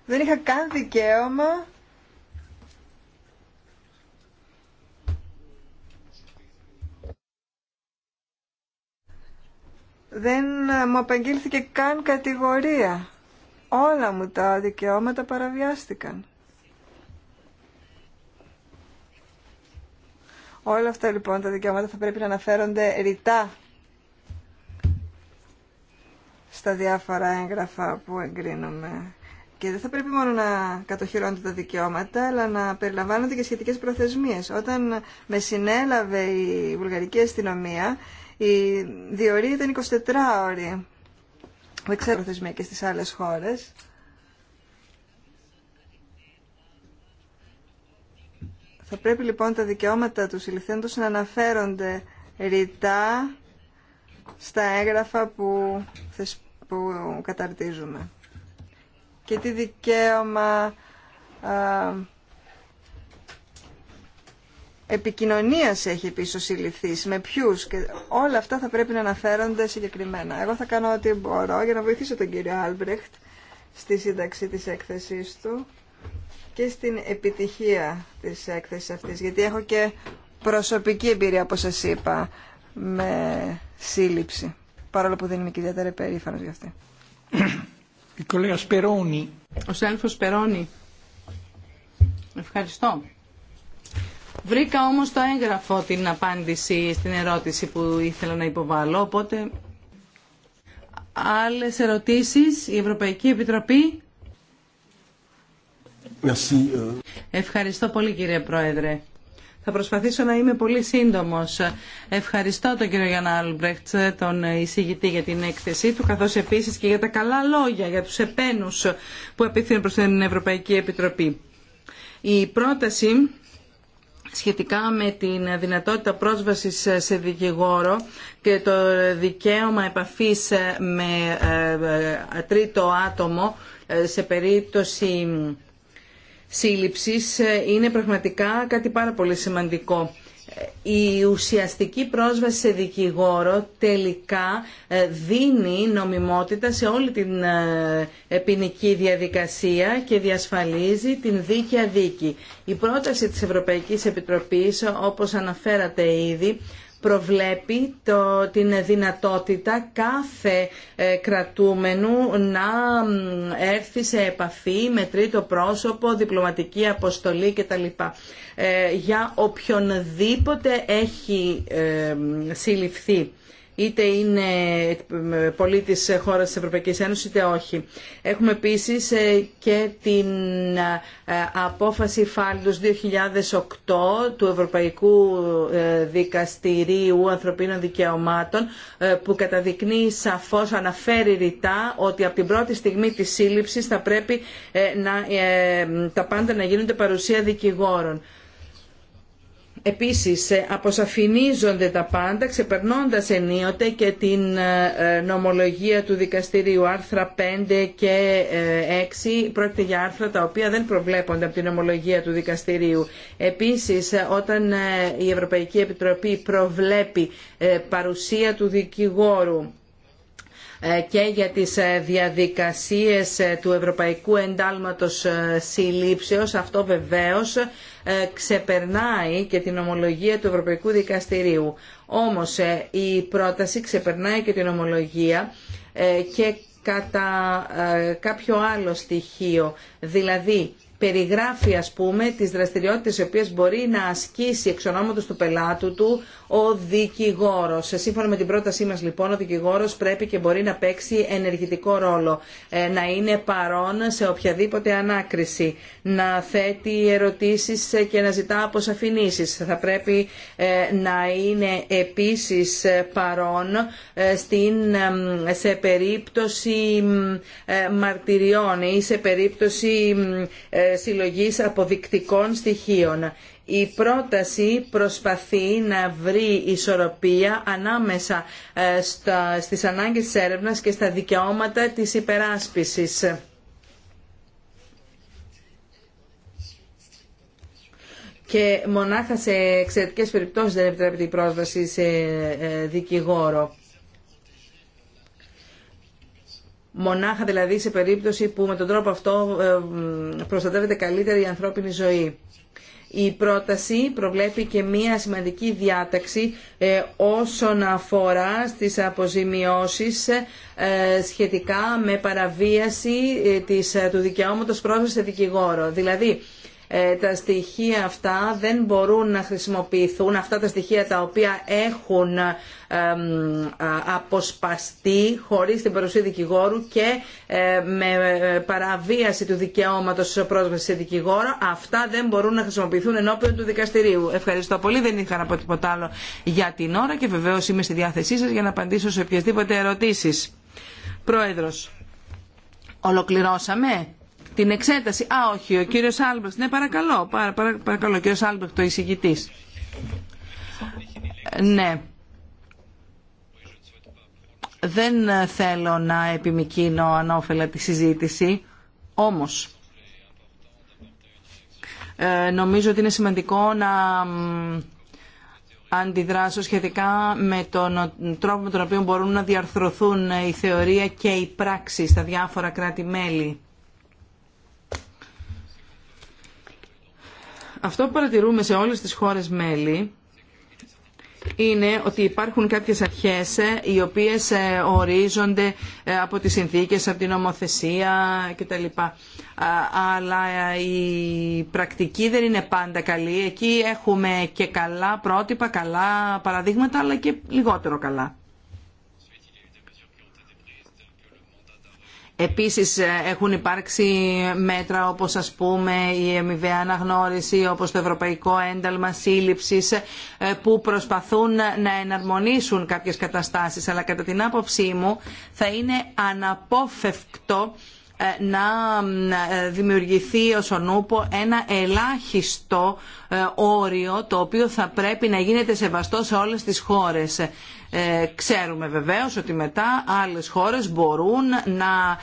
δεν είχα καν δικαίωμα Δεν ε, μου απαγγείλθηκε καν κατηγορία. Όλα μου τα δικαιώματα παραβιάστηκαν. Όλα αυτά λοιπόν τα δικαιώματα θα πρέπει να αναφέρονται ρητά στα διάφορα έγγραφα που εγκρίνουμε. Και δεν θα πρέπει μόνο να κατοχυρώνονται τα δικαιώματα, αλλά να περιλαμβάνονται και σχετικές προθεσμίες. Όταν με συνέλαβε η βουλγαρική αστυνομία, η διορία ήταν 24 ώρη. Δεν ξέρω θεσμία και στις άλλες χώρες. Θα πρέπει λοιπόν τα δικαιώματα του συλληφθέντος να αναφέρονται ρητά στα έγγραφα που, που καταρτίζουμε. Και τι δικαίωμα Επικοινωνία έχει επίσης συλληφθεί, με ποιου. και όλα αυτά θα πρέπει να αναφέρονται συγκεκριμένα. Εγώ θα κάνω ό,τι μπορώ για να βοηθήσω τον κύριο Άλμπρεχτ στη σύνταξη τη έκθεσή του και στην επιτυχία της έκθεση αυτής, γιατί έχω και προσωπική εμπειρία, όπω σα είπα, με σύλληψη, παρόλο που δεν είμαι και ιδιαίτερα περήφανο γι' αυτή. Ο Σέλφο Περόνι. Ευχαριστώ. Βρήκα όμως το έγγραφο την απάντηση στην ερώτηση που ήθελα να υποβάλω, οπότε άλλες ερωτήσεις, η Ευρωπαϊκή Επιτροπή. Ε. Ευχαριστώ πολύ κύριε Πρόεδρε. Θα προσπαθήσω να είμαι πολύ σύντομος. Ευχαριστώ τον κύριο Γιάννα Άλμπρεχτ, τον εισηγητή για την έκθεσή του, καθώς επίσης και για τα καλά λόγια, για τους επένους που απίθυνε προς την Ευρωπαϊκή Επιτροπή. Η πρόταση σχετικά με την δυνατότητα πρόσβασης σε δικηγόρο και το δικαίωμα επαφής ε, με ε, ε, τρίτο άτομο σε περίπτωση σύλληψης είναι πραγματικά κάτι πάρα πολύ σημαντικό η ουσιαστική πρόσβαση σε δικηγόρο τελικά ε, δίνει νομιμότητα σε όλη την ε, ποινική διαδικασία και διασφαλίζει την δίκαια δίκη. Η πρόταση της Ευρωπαϊκής Επιτροπής, όπως αναφέρατε ήδη, προβλέπει το, την δυνατότητα κάθε ε, κρατούμενου να έρθει σε επαφή με τρίτο πρόσωπο, διπλωματική αποστολή κτλ. Ε, για οποιονδήποτε έχει ε, συλληφθεί είτε είναι πολίτης χώρας της Ευρωπαϊκής Ένωσης είτε όχι. Έχουμε επίσης ε, και την ε, απόφαση Φάλντος 2008 του Ευρωπαϊκού ε, Δικαστηρίου Ανθρωπίνων Δικαιωμάτων που καταδεικνύει σαφώς, αναφέρει ρητά ότι από την πρώτη στιγμή της σύλληψης θα πρέπει να, τα πάντα να γίνονται παρουσία δικηγόρων. Επίσης ε, αποσαφηνίζονται τα πάντα ξεπερνώντας ενίοτε και την ε, ε, νομολογία του δικαστηρίου άρθρα 5 και 6 πρόκειται για άρθρα τα οποία δεν προβλέπονται από την νομολογία του δικαστηρίου. Επίσης όταν η Ευρωπαϊκή Επιτροπή προβλέπει παρουσία του δικηγόρου ε, και για τις ε, διαδικασίες ε, του Ευρωπαϊκού Εντάλματος Συλλήψεως. Αυτό βεβαίως ξεπερνάει και την ομολογία του Ευρωπαϊκού Δικαστηρίου. Όμως η πρόταση ξεπερνάει και την ομολογία και κατά κάποιο άλλο στοιχείο. Δηλαδή περιγράφει ας πούμε τις δραστηριότητες οι οποίες μπορεί να ασκήσει εξ ονόματος του πελάτου του ο δικηγόρος. Ε, σύμφωνα με την πρότασή μα λοιπόν ο δικηγόρο πρέπει και μπορεί να παίξει ενεργητικό ρόλο, ε, να είναι παρόν σε οποιαδήποτε ανάκριση, να θέτει ερωτήσεις και να ζητά αποσαφηνήσει. Θα πρέπει ε, να είναι επίσης παρόν στην, σε περίπτωση μαρτυριών ή σε περίπτωση συλλογής αποδεικτικών στοιχείων. Η πρόταση προσπαθεί να βρει ισορροπία ανάμεσα ε, στα, στις ανάγκες της έρευνας και στα δικαιώματα της υπεράσπισης. Και μονάχα σε εξαιρετικέ περιπτώσεις δεν επιτρέπεται η πρόσβαση σε ε, δικηγόρο. Μονάχα δηλαδή σε περίπτωση που με τον τρόπο αυτό ε, προστατεύεται καλύτερη η ανθρώπινη ζωή. Η πρόταση προβλέπει και μία σημαντική διάταξη ε, όσον αφορά στις αποζημιώσεις ε, σχετικά με παραβίαση ε, της, του δικαιώματος πρόσβασης σε δικηγόρο. Δηλαδή, ε, τα στοιχεία αυτά δεν μπορούν να χρησιμοποιηθούν, αυτά τα στοιχεία τα οποία έχουν αποσπαστεί χωρίς την παρουσία δικηγόρου και ε, με ε, παραβίαση του δικαιώματος πρόσβασης σε δικηγόρο, αυτά δεν μπορούν να χρησιμοποιηθούν ενώπιον του δικαστηρίου. Ευχαριστώ πολύ, δεν είχα να πω τίποτα άλλο για την ώρα και βεβαίως είμαι στη διάθεσή σας για να απαντήσω σε οποιασδήποτε ερωτήσεις. Πρόεδρος, ολοκληρώσαμε την εξέταση. Α, όχι, ο κύριος Άλμπρεχτ. Ναι, παρακαλώ, παρακαλώ, ο κύριος Άλμπρεχτ, ο εισηγητής. Ναι. Δεν θέλω να επιμικίνω ανώφελα τη συζήτηση, όμως ε, νομίζω ότι είναι σημαντικό να αντιδράσω σχετικά με τον τρόπο με τον οποίο μπορούν να διαρθρωθούν η θεωρία και η πράξη στα διάφορα κράτη-μέλη. Αυτό που παρατηρούμε σε όλες τις χώρες μέλη είναι ότι υπάρχουν κάποιες αρχές ε, οι οποίες ε, ορίζονται ε, από τις συνθήκες, από την νομοθεσία κτλ. Αλλά η πρακτική δεν είναι πάντα καλή. Εκεί έχουμε και καλά πρότυπα, καλά παραδείγματα, αλλά και λιγότερο καλά. Επίσης ε, έχουν υπάρξει μέτρα όπως ας πούμε η εμιβαία αναγνώριση, όπως το Ευρωπαϊκό Ένταλμα Σύλληψης ε, που προσπαθούν να εναρμονίσουν κάποιες καταστάσεις. Αλλά κατά την άποψή μου θα είναι αναπόφευκτο ε, να ε, δημιουργηθεί ως ονούπο ένα ελάχιστο ε, όριο το οποίο θα πρέπει να γίνεται σεβαστό σε όλες τις χώρες. Ξέρουμε βεβαίως ότι μετά άλλες χώρες μπορούν να,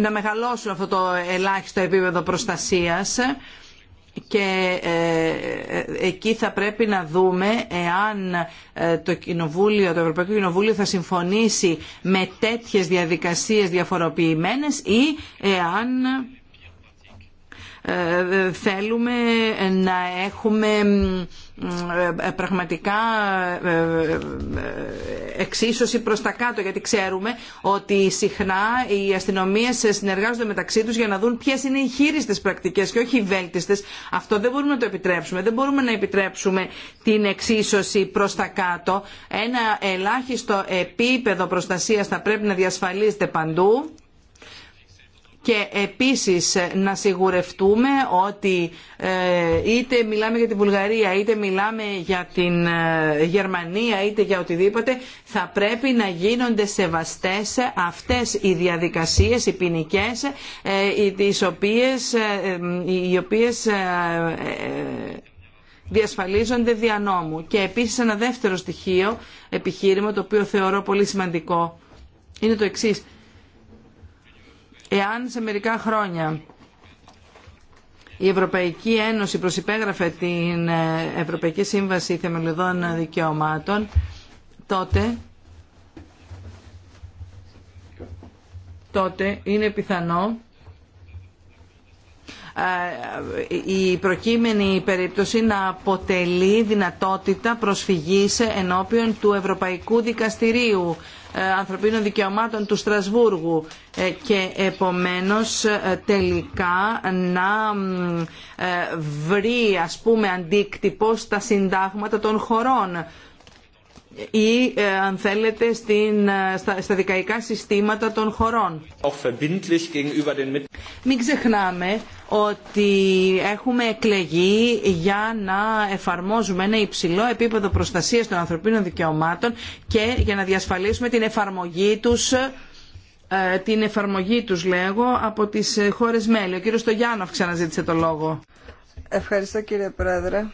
να μεγαλώσουν αυτό το ελάχιστο επίπεδο προστασίας και ε, ε, εκεί θα πρέπει να δούμε εάν ε, το, κοινοβούλιο, το Ευρωπαϊκό Κοινοβούλιο θα συμφωνήσει με τέτοιες διαδικασίες διαφοροποιημένες ή εάν ε, θέλουμε να έχουμε ε, ε, πραγματικά εξίσωση προς τα κάτω γιατί ξέρουμε ότι συχνά οι αστυνομίες συνεργάζονται μεταξύ τους για να δουν ποιες είναι οι χείριστες πρακτικές και όχι οι βέλτιστες. Αυτό δεν μπορούμε να το επιτρέψουμε. Δεν μπορούμε να επιτρέψουμε την εξίσωση προς τα κάτω. Ένα ελάχιστο επίπεδο προστασίας θα πρέπει να διασφαλίζεται παντού και επίσης να σιγουρευτούμε ότι ε, είτε μιλάμε για την Βουλγαρία είτε μιλάμε για την ε, Γερμανία είτε για οτιδήποτε θα πρέπει να γίνονται σεβαστές αυτές οι διαδικασίες, οι ποινικέ, ε, τις οποίες, οι οποίες διασφαλίζονται δια νόμου. Και επίσης ένα δεύτερο στοιχείο, επιχείρημα, το οποίο θεωρώ πολύ σημαντικό, είναι το εξής Εάν σε μερικά χρόνια η Ευρωπαϊκή Ένωση προσυπέγραφε την ε, Ευρωπαϊκή Σύμβαση Θεμελιωδών Δικαιωμάτων, τότε, τότε είναι πιθανό ε, η προκείμενη περίπτωση να αποτελεί δυνατότητα προσφυγής ενώπιον του Ευρωπαϊκού Δικαστηρίου ε, ανθρωπίνων δικαιωμάτων του Στρασβούργου ε, και επομένως ε, τελικά να βρει ας πούμε αντίκτυπο στα συντάγματα των χωρών ή ε, αν θέλετε ε, στα, στα δικαϊκά συστήματα των χωρών. Μην ξεχνάμε ότι έχουμε εκλεγεί για να εφαρμόζουμε ένα υψηλό επίπεδο προστασίας των ανθρωπίνων δικαιωμάτων και για να διασφαλίσουμε την εφαρμογή τους ε, την εφαρμογή τους λέγω από τις χώρες μέλη. Ο κύριος Στογιάννοφ ξαναζήτησε το λόγο. Ευχαριστώ κύριε Πρόεδρε.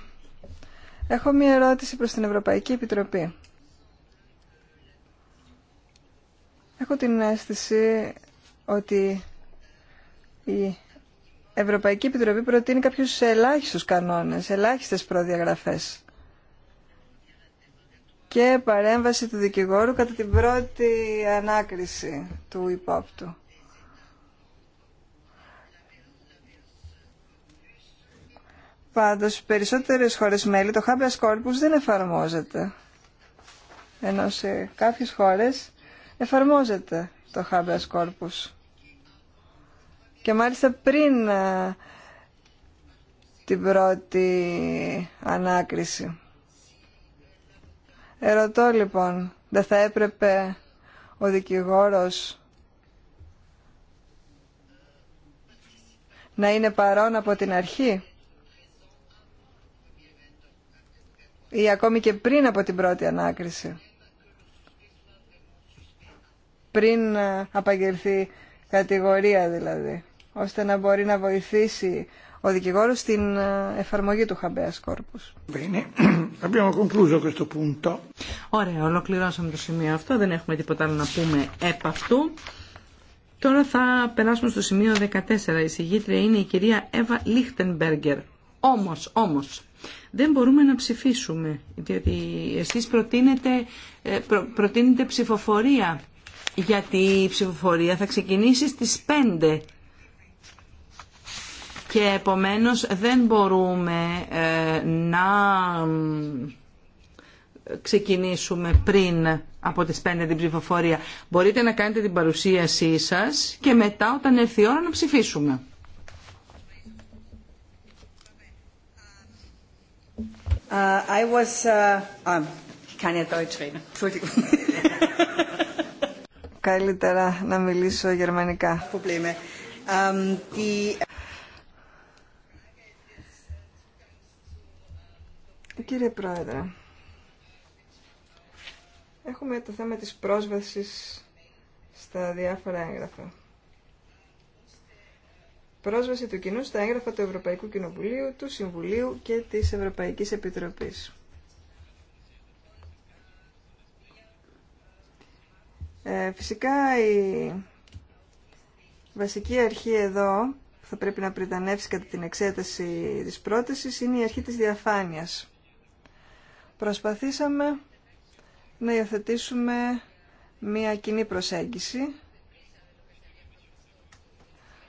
Έχω μία ερώτηση προς την Ευρωπαϊκή Επιτροπή. Έχω την αίσθηση ότι η Ευρωπαϊκή Επιτροπή προτείνει κάποιους ελάχιστους κανόνες, ελάχιστες προδιαγραφές και παρέμβαση του δικηγόρου κατά την πρώτη ανάκριση του υπόπτου. Πάντως, περισσότερες χώρες μέλη το habeas corpus δεν εφαρμόζεται. Ενώ σε κάποιες χώρες εφαρμόζεται το habeas corpus. Και μάλιστα πριν ε, την πρώτη ανάκριση. Ερωτώ λοιπόν, δεν θα έπρεπε ο δικηγόρος να είναι παρόν από την αρχή ή ακόμη και πριν από την πρώτη ανάκριση. Πριν ε, απαγγελθεί κατηγορία δηλαδή, ώστε να μπορεί να βοηθήσει ο δικηγόρο στην ε, εφαρμογή του χαμπέας κόρπους. Ωραία, ολοκληρώσαμε το σημείο αυτό, δεν έχουμε τίποτα άλλο να πούμε επ' αυτού. Τώρα θα περάσουμε στο σημείο 14. Η συγγήτρια είναι η κυρία Εύα Λίχτενμπέργκερ. Όμω, Όμω δεν μπορούμε να ψηφίσουμε, διότι εσείς προτείνετε, ε, προτείνετε ψηφοφορία, γιατί η ψηφοφορία θα ξεκινήσει στις 5 και επομένως δεν μπορούμε ε, να ξεκινήσουμε πριν από τις 5 την ψηφοφορία. Μπορείτε να κάνετε την παρουσίασή σας και μετά όταν έρθει η ώρα να ψηφίσουμε. Uh, I was... uh, Ich um, kann ja Deutsch reden. Entschuldigung. Καλύτερα να μιλήσω γερμανικά. Probleme. Um, die... Κύριε Πρόεδρε, έχουμε το θέμα της πρόσβασης στα διάφορα έγγραφα πρόσβαση του κοινού στα έγγραφα του Ευρωπαϊκού Κοινοβουλίου, του Συμβουλίου και της Ευρωπαϊκής Επιτροπής. Ε, φυσικά η βασική αρχή εδώ που θα πρέπει να πριτανεύσει κατά την εξέταση της πρότασης είναι η αρχή της διαφάνειας. Προσπαθήσαμε να υιοθετήσουμε μια κοινή προσέγγιση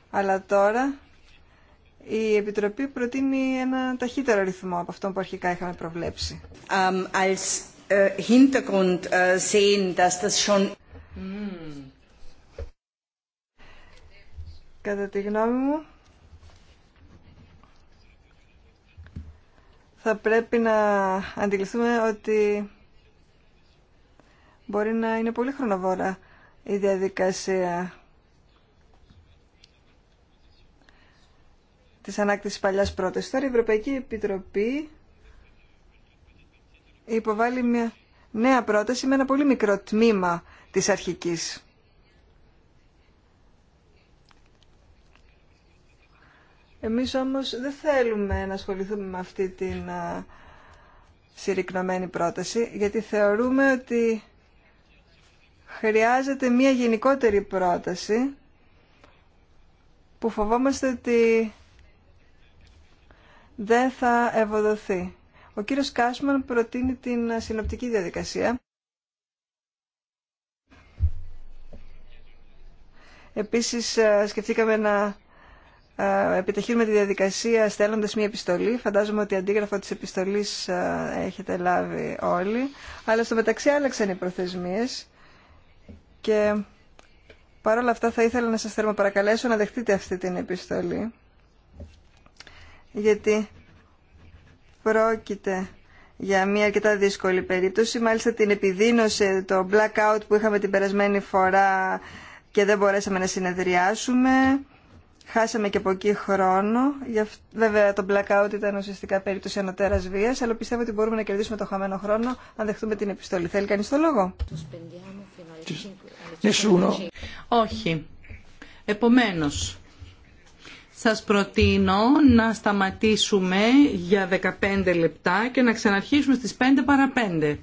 αλλά τώρα η Επιτροπή προτείνει ένα ταχύτερο ρυθμό από αυτό που αρχικά είχαμε προβλέψει. als, ε, hintergrund, ε, sehen, dass das schon... Κατά τη γνώμη μου, θα πρέπει να αντιληφθούμε ότι μπορεί να είναι πολύ χρονοβόρα η διαδικασία της ανάκτησης παλιάς πρότασης. Τώρα η Ευρωπαϊκή Επιτροπή υποβάλλει μια νέα πρόταση με ένα πολύ μικρό τμήμα της αρχικής. Εμείς όμως δεν θέλουμε να ασχοληθούμε με αυτή την συρρυκνωμένη πρόταση, γιατί θεωρούμε ότι χρειάζεται μια γενικότερη πρόταση που φοβόμαστε ότι δεν θα ευοδοθεί. Ο κύριος Κάσμαν προτείνει την συνοπτική διαδικασία. Επίσης ε, σκεφτήκαμε να ε, επιταχύνουμε τη διαδικασία στέλνοντας μια επιστολή. Φαντάζομαι ότι αντίγραφο της επιστολής ε, έχετε λάβει όλοι. Αλλά στο μεταξύ άλλαξαν οι προθεσμίες και παρόλα αυτά θα ήθελα να σας παρακαλέσω να δεχτείτε αυτή την επιστολή γιατί πρόκειται για μια αρκετά δύσκολη περίπτωση. Μάλιστα την επιδίνωσε το blackout που είχαμε την περασμένη φορά και δεν μπορέσαμε να συνεδριάσουμε. Χάσαμε και από εκεί χρόνο. Βέβαια το blackout ήταν ουσιαστικά περίπτωση ανωτέρας βίας, αλλά πιστεύω ότι μπορούμε να κερδίσουμε το χαμένο χρόνο αν δεχτούμε την επιστολή. Θέλει κανείς το λόγο? Όχι. Επομένως, σας προτείνω να σταματήσουμε για 15 λεπτά και να ξαναρχίσουμε στις 5 παρα 5.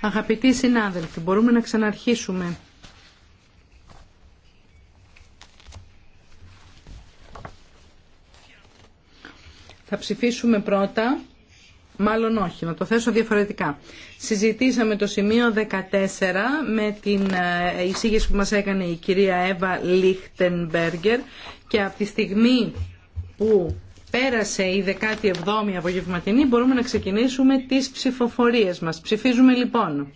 Αγαπητοί συνάδελφοι, μπορούμε να ξαναρχίσουμε. Θα ψηφίσουμε πρώτα Μάλλον όχι, να το θέσω διαφορετικά. Συζητήσαμε το σημείο 14 με την ε, εισήγηση που μας έκανε η κυρία Εύα Λίχτενμπέργκερ και από τη στιγμή που πέρασε η 17η απογευματινή μπορούμε να ξεκινήσουμε τις ψηφοφορίες μας. Ψηφίζουμε λοιπόν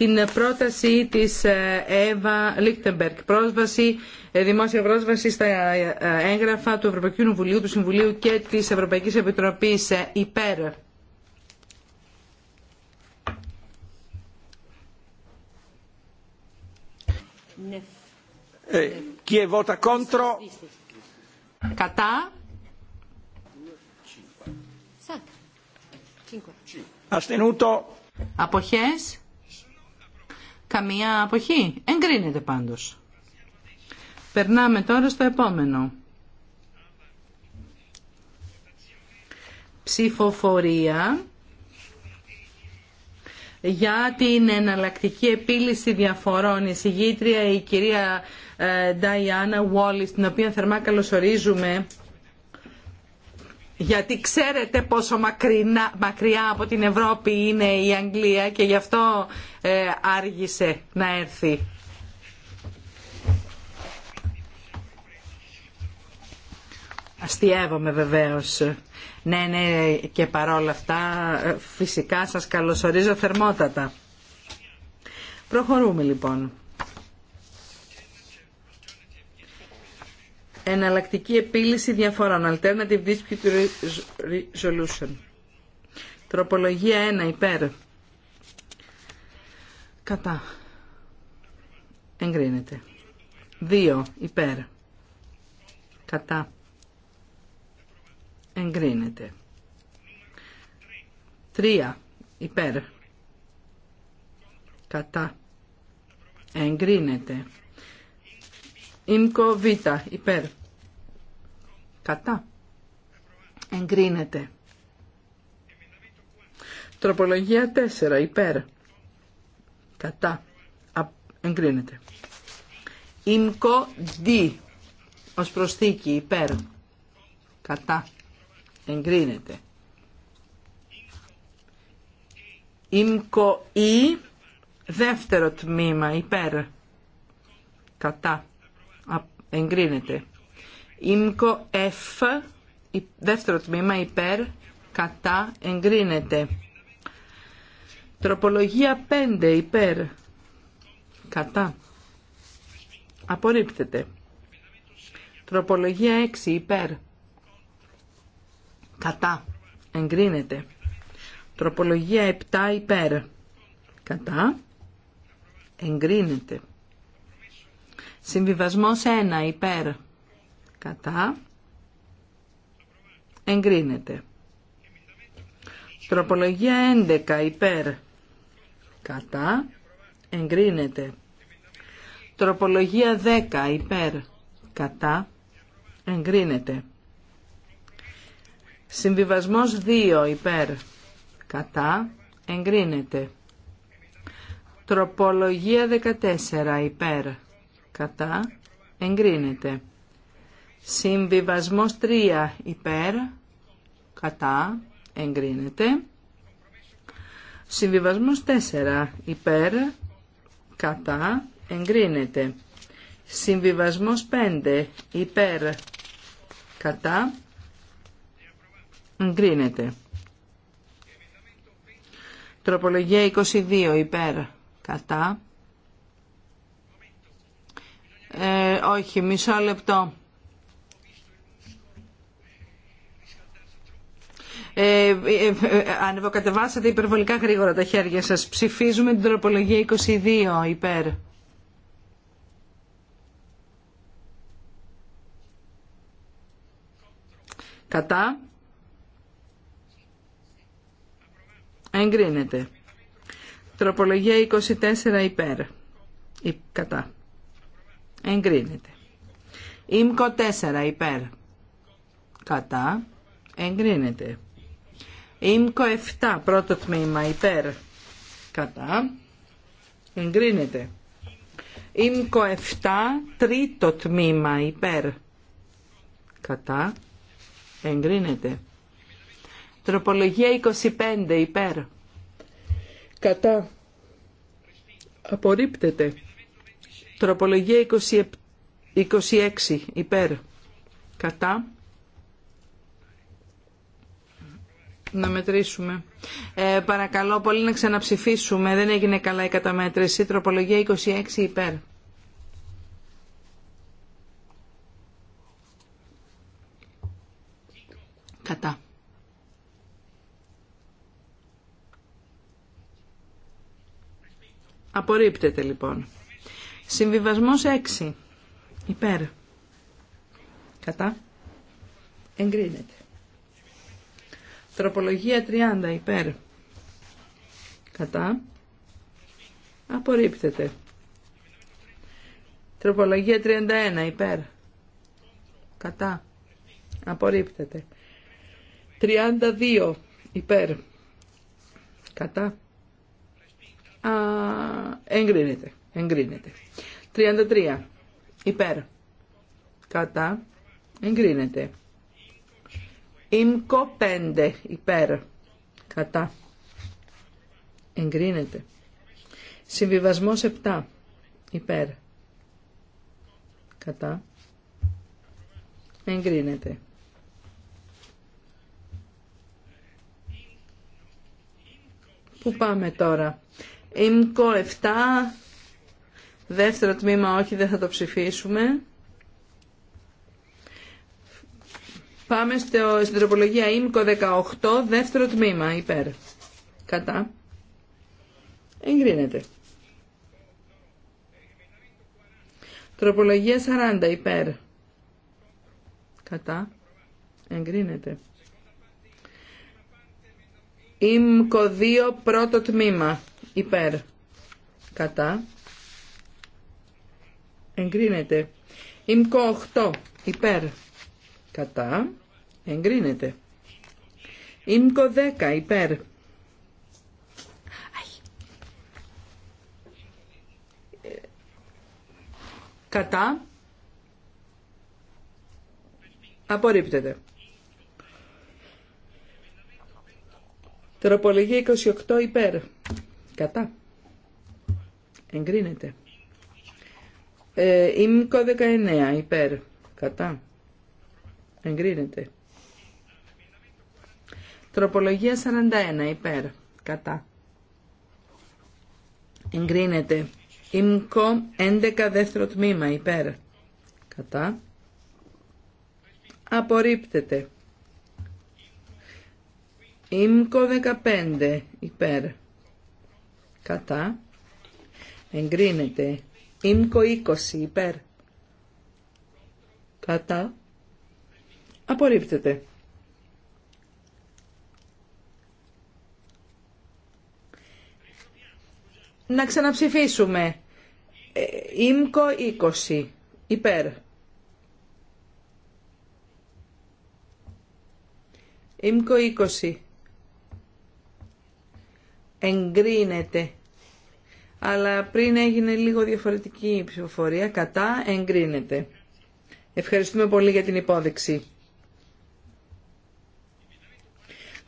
την πρόταση της ε, Εύα Λίχτεμπερκ, πρόσβαση, ε, δημόσια πρόσβαση στα ε, έγγραφα του Ευρωπαϊκού Κοινοβουλίου, του Συμβουλίου και της Ευρωπαϊκής Επιτροπής υπέρ. Chi vota Κατά. Astenuto. Αποχές. Καμία αποχή. Εγκρίνεται πάντως. Περνάμε τώρα στο επόμενο. Ψηφοφορία για την εναλλακτική επίλυση διαφορών. Η συγγήτρια η κυρία Νταϊάννα ε, Βόλις, την οποία θερμά καλωσορίζουμε γιατί ξέρετε πόσο μακρινά, μακριά από την Ευρώπη είναι η Αγγλία και γι' αυτό ε, άργησε να έρθει. Αστειεύομαι βεβαίως. Ναι, ναι και παρόλα αυτά ε, φυσικά σας καλωσορίζω θερμότατα. Προχωρούμε λοιπόν. Εναλλακτική επίλυση διαφορών. Alternative Dispute Resolution. Τροπολογία 1. Υπέρ. Κατά. Εγκρίνεται. 2. Υπέρ. Κατά. Εγκρίνεται. 3. Υπέρ. Κατά. Εγκρίνεται. Υμκο Β. Υπέρ. Κατά. Εγκρίνεται. Τροπολογία 4. Υπέρ. Κατά. Εγκρίνεται. εγκρίνεται ΙΜΚΟ-ΔΙ Ως προσθήκη. Υπέρ. Κατά. Εγκρίνεται. εγκρίνεται ή Δεύτερο τμήμα. Υπέρ. Κατά. Εγκρίνεται. Ίμκο F, δεύτερο τμήμα υπέρ, κατά, εγκρίνεται. Τροπολογία 5 υπέρ, κατά, απορρίπτεται. Τροπολογία 6 υπέρ, κατά, εγκρίνεται. Τροπολογία 7 υπέρ, κατά, εγκρίνεται. Συμβιβασμός 1 υπέρ, Κατά. Εγκρίνεται. Τροπολογία 11 υπέρ. Κατά. Εγκρίνεται. Τροπολογία 10 υπέρ. Κατά. Εγκρίνεται. Συμβιβασμός 2 υπέρ. Κατά. Εγκρίνεται. Τροπολογία 14 υπέρ. Κατά. Εγκρίνεται. Συμβιβασμός 3 υπέρ, κατά, εγκρίνεται. Συμβιβασμός 4 υπέρ, κατά, εγκρίνεται. Συμβιβασμός 5 υπέρ, κατά, εγκρίνεται. Τροπολογία 22 υπέρ, κατά. Ε, όχι, μισό λεπτό. Ε, ε, ανεβοκατεβάσατε υπερβολικά γρήγορα τα χέρια σας. Ψηφίζουμε την τροπολογία 22 υπέρ. Κατά. Εγκρίνεται. Τροπολογία 24 υπέρ. Κατά. Εγκρίνεται. Ήμκο 4 υπέρ. Κατά. Εγκρίνεται. Ήμκο 7, πρώτο τμήμα, υπέρ. Κατά. Εγκρίνεται. Ήμκο 7, τρίτο τμήμα, υπέρ. Κατά. Εγκρίνεται. Τροπολογία 25, υπέρ. Κατά. Απορρίπτεται. Τροπολογία 26, υπέρ. Κατά. να μετρήσουμε. Ε, παρακαλώ πολύ να ξαναψηφίσουμε. Δεν έγινε καλά η καταμέτρηση. Τροπολογία 26 υπέρ. Κατά. Απορρίπτεται λοιπόν. Συμβιβασμός 6. Υπέρ. Κατά. Εγκρίνεται. Τροπολογία 30 υπέρ. Κατά. Απορρίπτεται. Τροπολογία 31 υπέρ. Κατά. Απορρίπτεται. 32 υπέρ. Κατά. Α, εγκρίνεται. Εγκρίνεται. 33 υπέρ. Κατά. Εγκρίνεται. ΥΜΚΟ 5 υπέρ. Κατά. Εγκρίνεται. Συμβιβασμός 7 υπέρ. Κατά. Εγκρίνεται. Πού πάμε τώρα. ΥΜΚΟ 7. Δεύτερο τμήμα όχι δεν θα το ψηφίσουμε. Πάμε στο, στην τροπολογία ΙΜΚΟ 18, δεύτερο τμήμα, υπέρ. Κατά. Εγκρίνεται. Τροπολογία 40, υπέρ. Κατά. Εγκρίνεται. ΙΜΚΟ 2, πρώτο τμήμα, υπέρ. Κατά. Εγκρίνεται. ΙΜΚΟ 8, υπέρ. Κατά. Εγκρίνεται. Ήμκο 10 υπέρ. Κατά. Απορρίπτεται. Τροπολογία 28 υπέρ. Κατά. Εγκρίνεται. Ε, 19 υπέρ. Κατά. Εγκρίνεται. Τροπολογία 41 υπέρ. Κατά. Εγκρίνεται. Ίμκο 11 δεύτερο τμήμα υπέρ. Κατά. Απορρίπτεται. Ίμκο 15 υπέρ. Κατά. Εγκρίνεται. Ίμκο 20 υπέρ. Κατά. Απορρίπτεται. να ξαναψηφίσουμε. Ήμκο ε, 20. Υπέρ. Ήμκο 20. Εγκρίνεται. Αλλά πριν έγινε λίγο διαφορετική η ψηφοφορία. Κατά εγκρίνεται. Ευχαριστούμε πολύ για την υπόδειξη.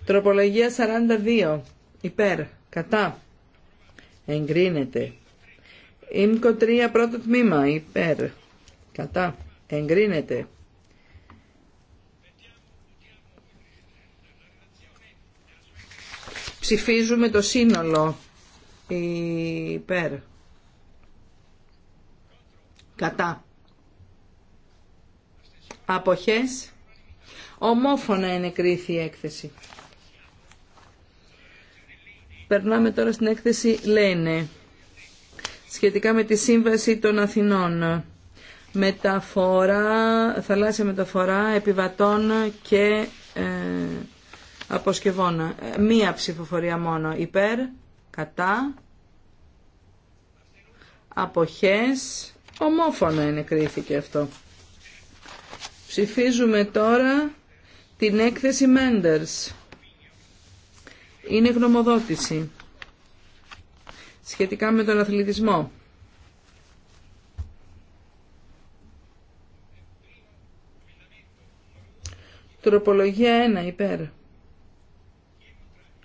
Τροπολογία 42. Υπέρ. Κατά εγκρίνεται. Ήμκο 3 πρώτο τμήμα υπέρ κατά εγκρίνεται. Ψηφίζουμε το σύνολο υπέρ κατά αποχές ομόφωνα κρίθη η έκθεση. Περνάμε τώρα στην έκθεση Λένε σχετικά με τη Σύμβαση των Αθηνών. Μεταφορά, θαλάσσια μεταφορά επιβατών και ε, αποσκευών. Ε, μία ψηφοφορία μόνο. Υπέρ, κατά, αποχές. Ομόφωνα είναι κρίθηκε αυτό. Ψηφίζουμε τώρα την έκθεση Μέντερς είναι γνωμοδότηση σχετικά με τον αθλητισμό. Τροπολογία 1 υπέρ.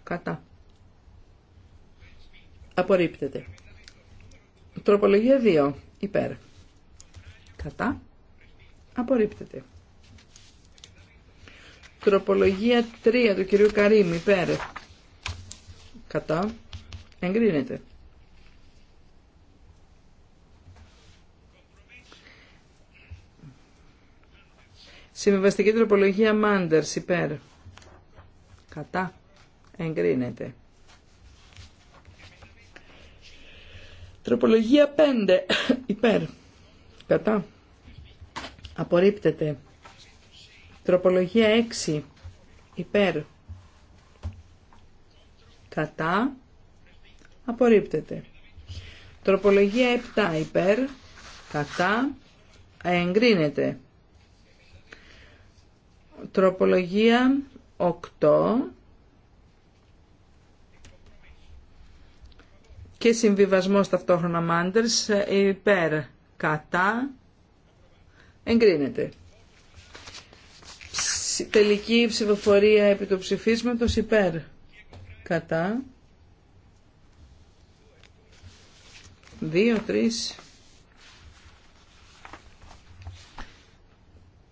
Κατά. Απορρίπτεται. Τροπολογία 2 υπέρ. Κατά. Απορρίπτεται. Τροπολογία 3 του κυρίου Καρύμ υπέρ Κατά. Εγκρίνεται. Συμβιβαστική τροπολογία Μάντερς υπέρ. Κατά. Εγκρίνεται. Τροπολογία 5 υπέρ. Κατά. Απορρίπτεται. Τροπολογία 6 υπέρ κατά, απορρίπτεται. Τροπολογία 7 υπέρ, κατά, εγκρίνεται. Τροπολογία 8 και συμβιβασμός ταυτόχρονα μάντερς υπέρ, κατά, εγκρίνεται. Τελική ψηφοφορία επί του ψηφίσματος υπέρ κατά 2-3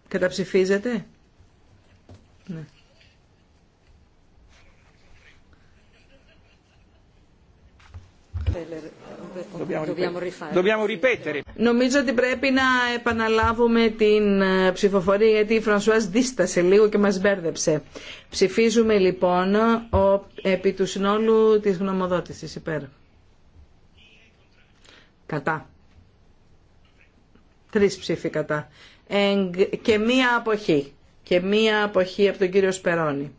καταψηφίζετε ναι. Τέλερ, Νομίζω ότι πρέπει να επαναλάβουμε την ε, ψηφοφορία γιατί η Φρανσουάς δίστασε λίγο και μας μπέρδεψε. Ψηφίζουμε λοιπόν ο, επί του συνόλου της γνωμοδότησης υπέρ. Κατά. Τρεις ψήφοι κατά. και μία αποχή. Και μία αποχή από τον κύριο Σπερώνη.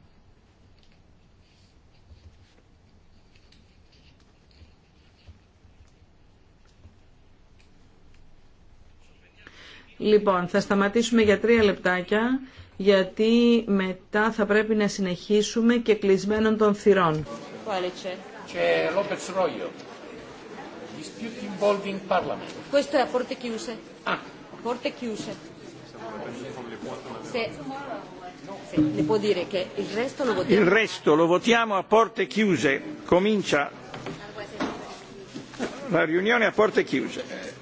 Λοιπόν, θα σταματήσουμε για τρία λεπτάκια, γιατί μετά θα πρέπει να συνεχίσουμε και κλεισμένων των θυρών. C'è Lopez Royo. Dispute involving Parliament. Questo è a porte chiuse. Ah. Porte chiuse. Se, se le può dire che il resto lo votiamo. Il resto lo votiamo a porte chiuse. Comincia la riunione a porte chiuse.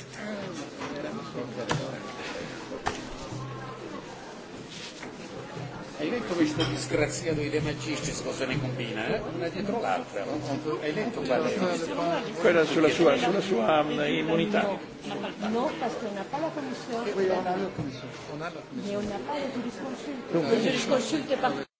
Hai letto questa disgraziato di De Magistris cosa ne combina? Eh? Una dietro l'altra. Hai letto quella? Quella sulla sua, sulla sua immunità. No, perché è una palla commissione. Non una palla commissione. Non ha la commissione. Non ha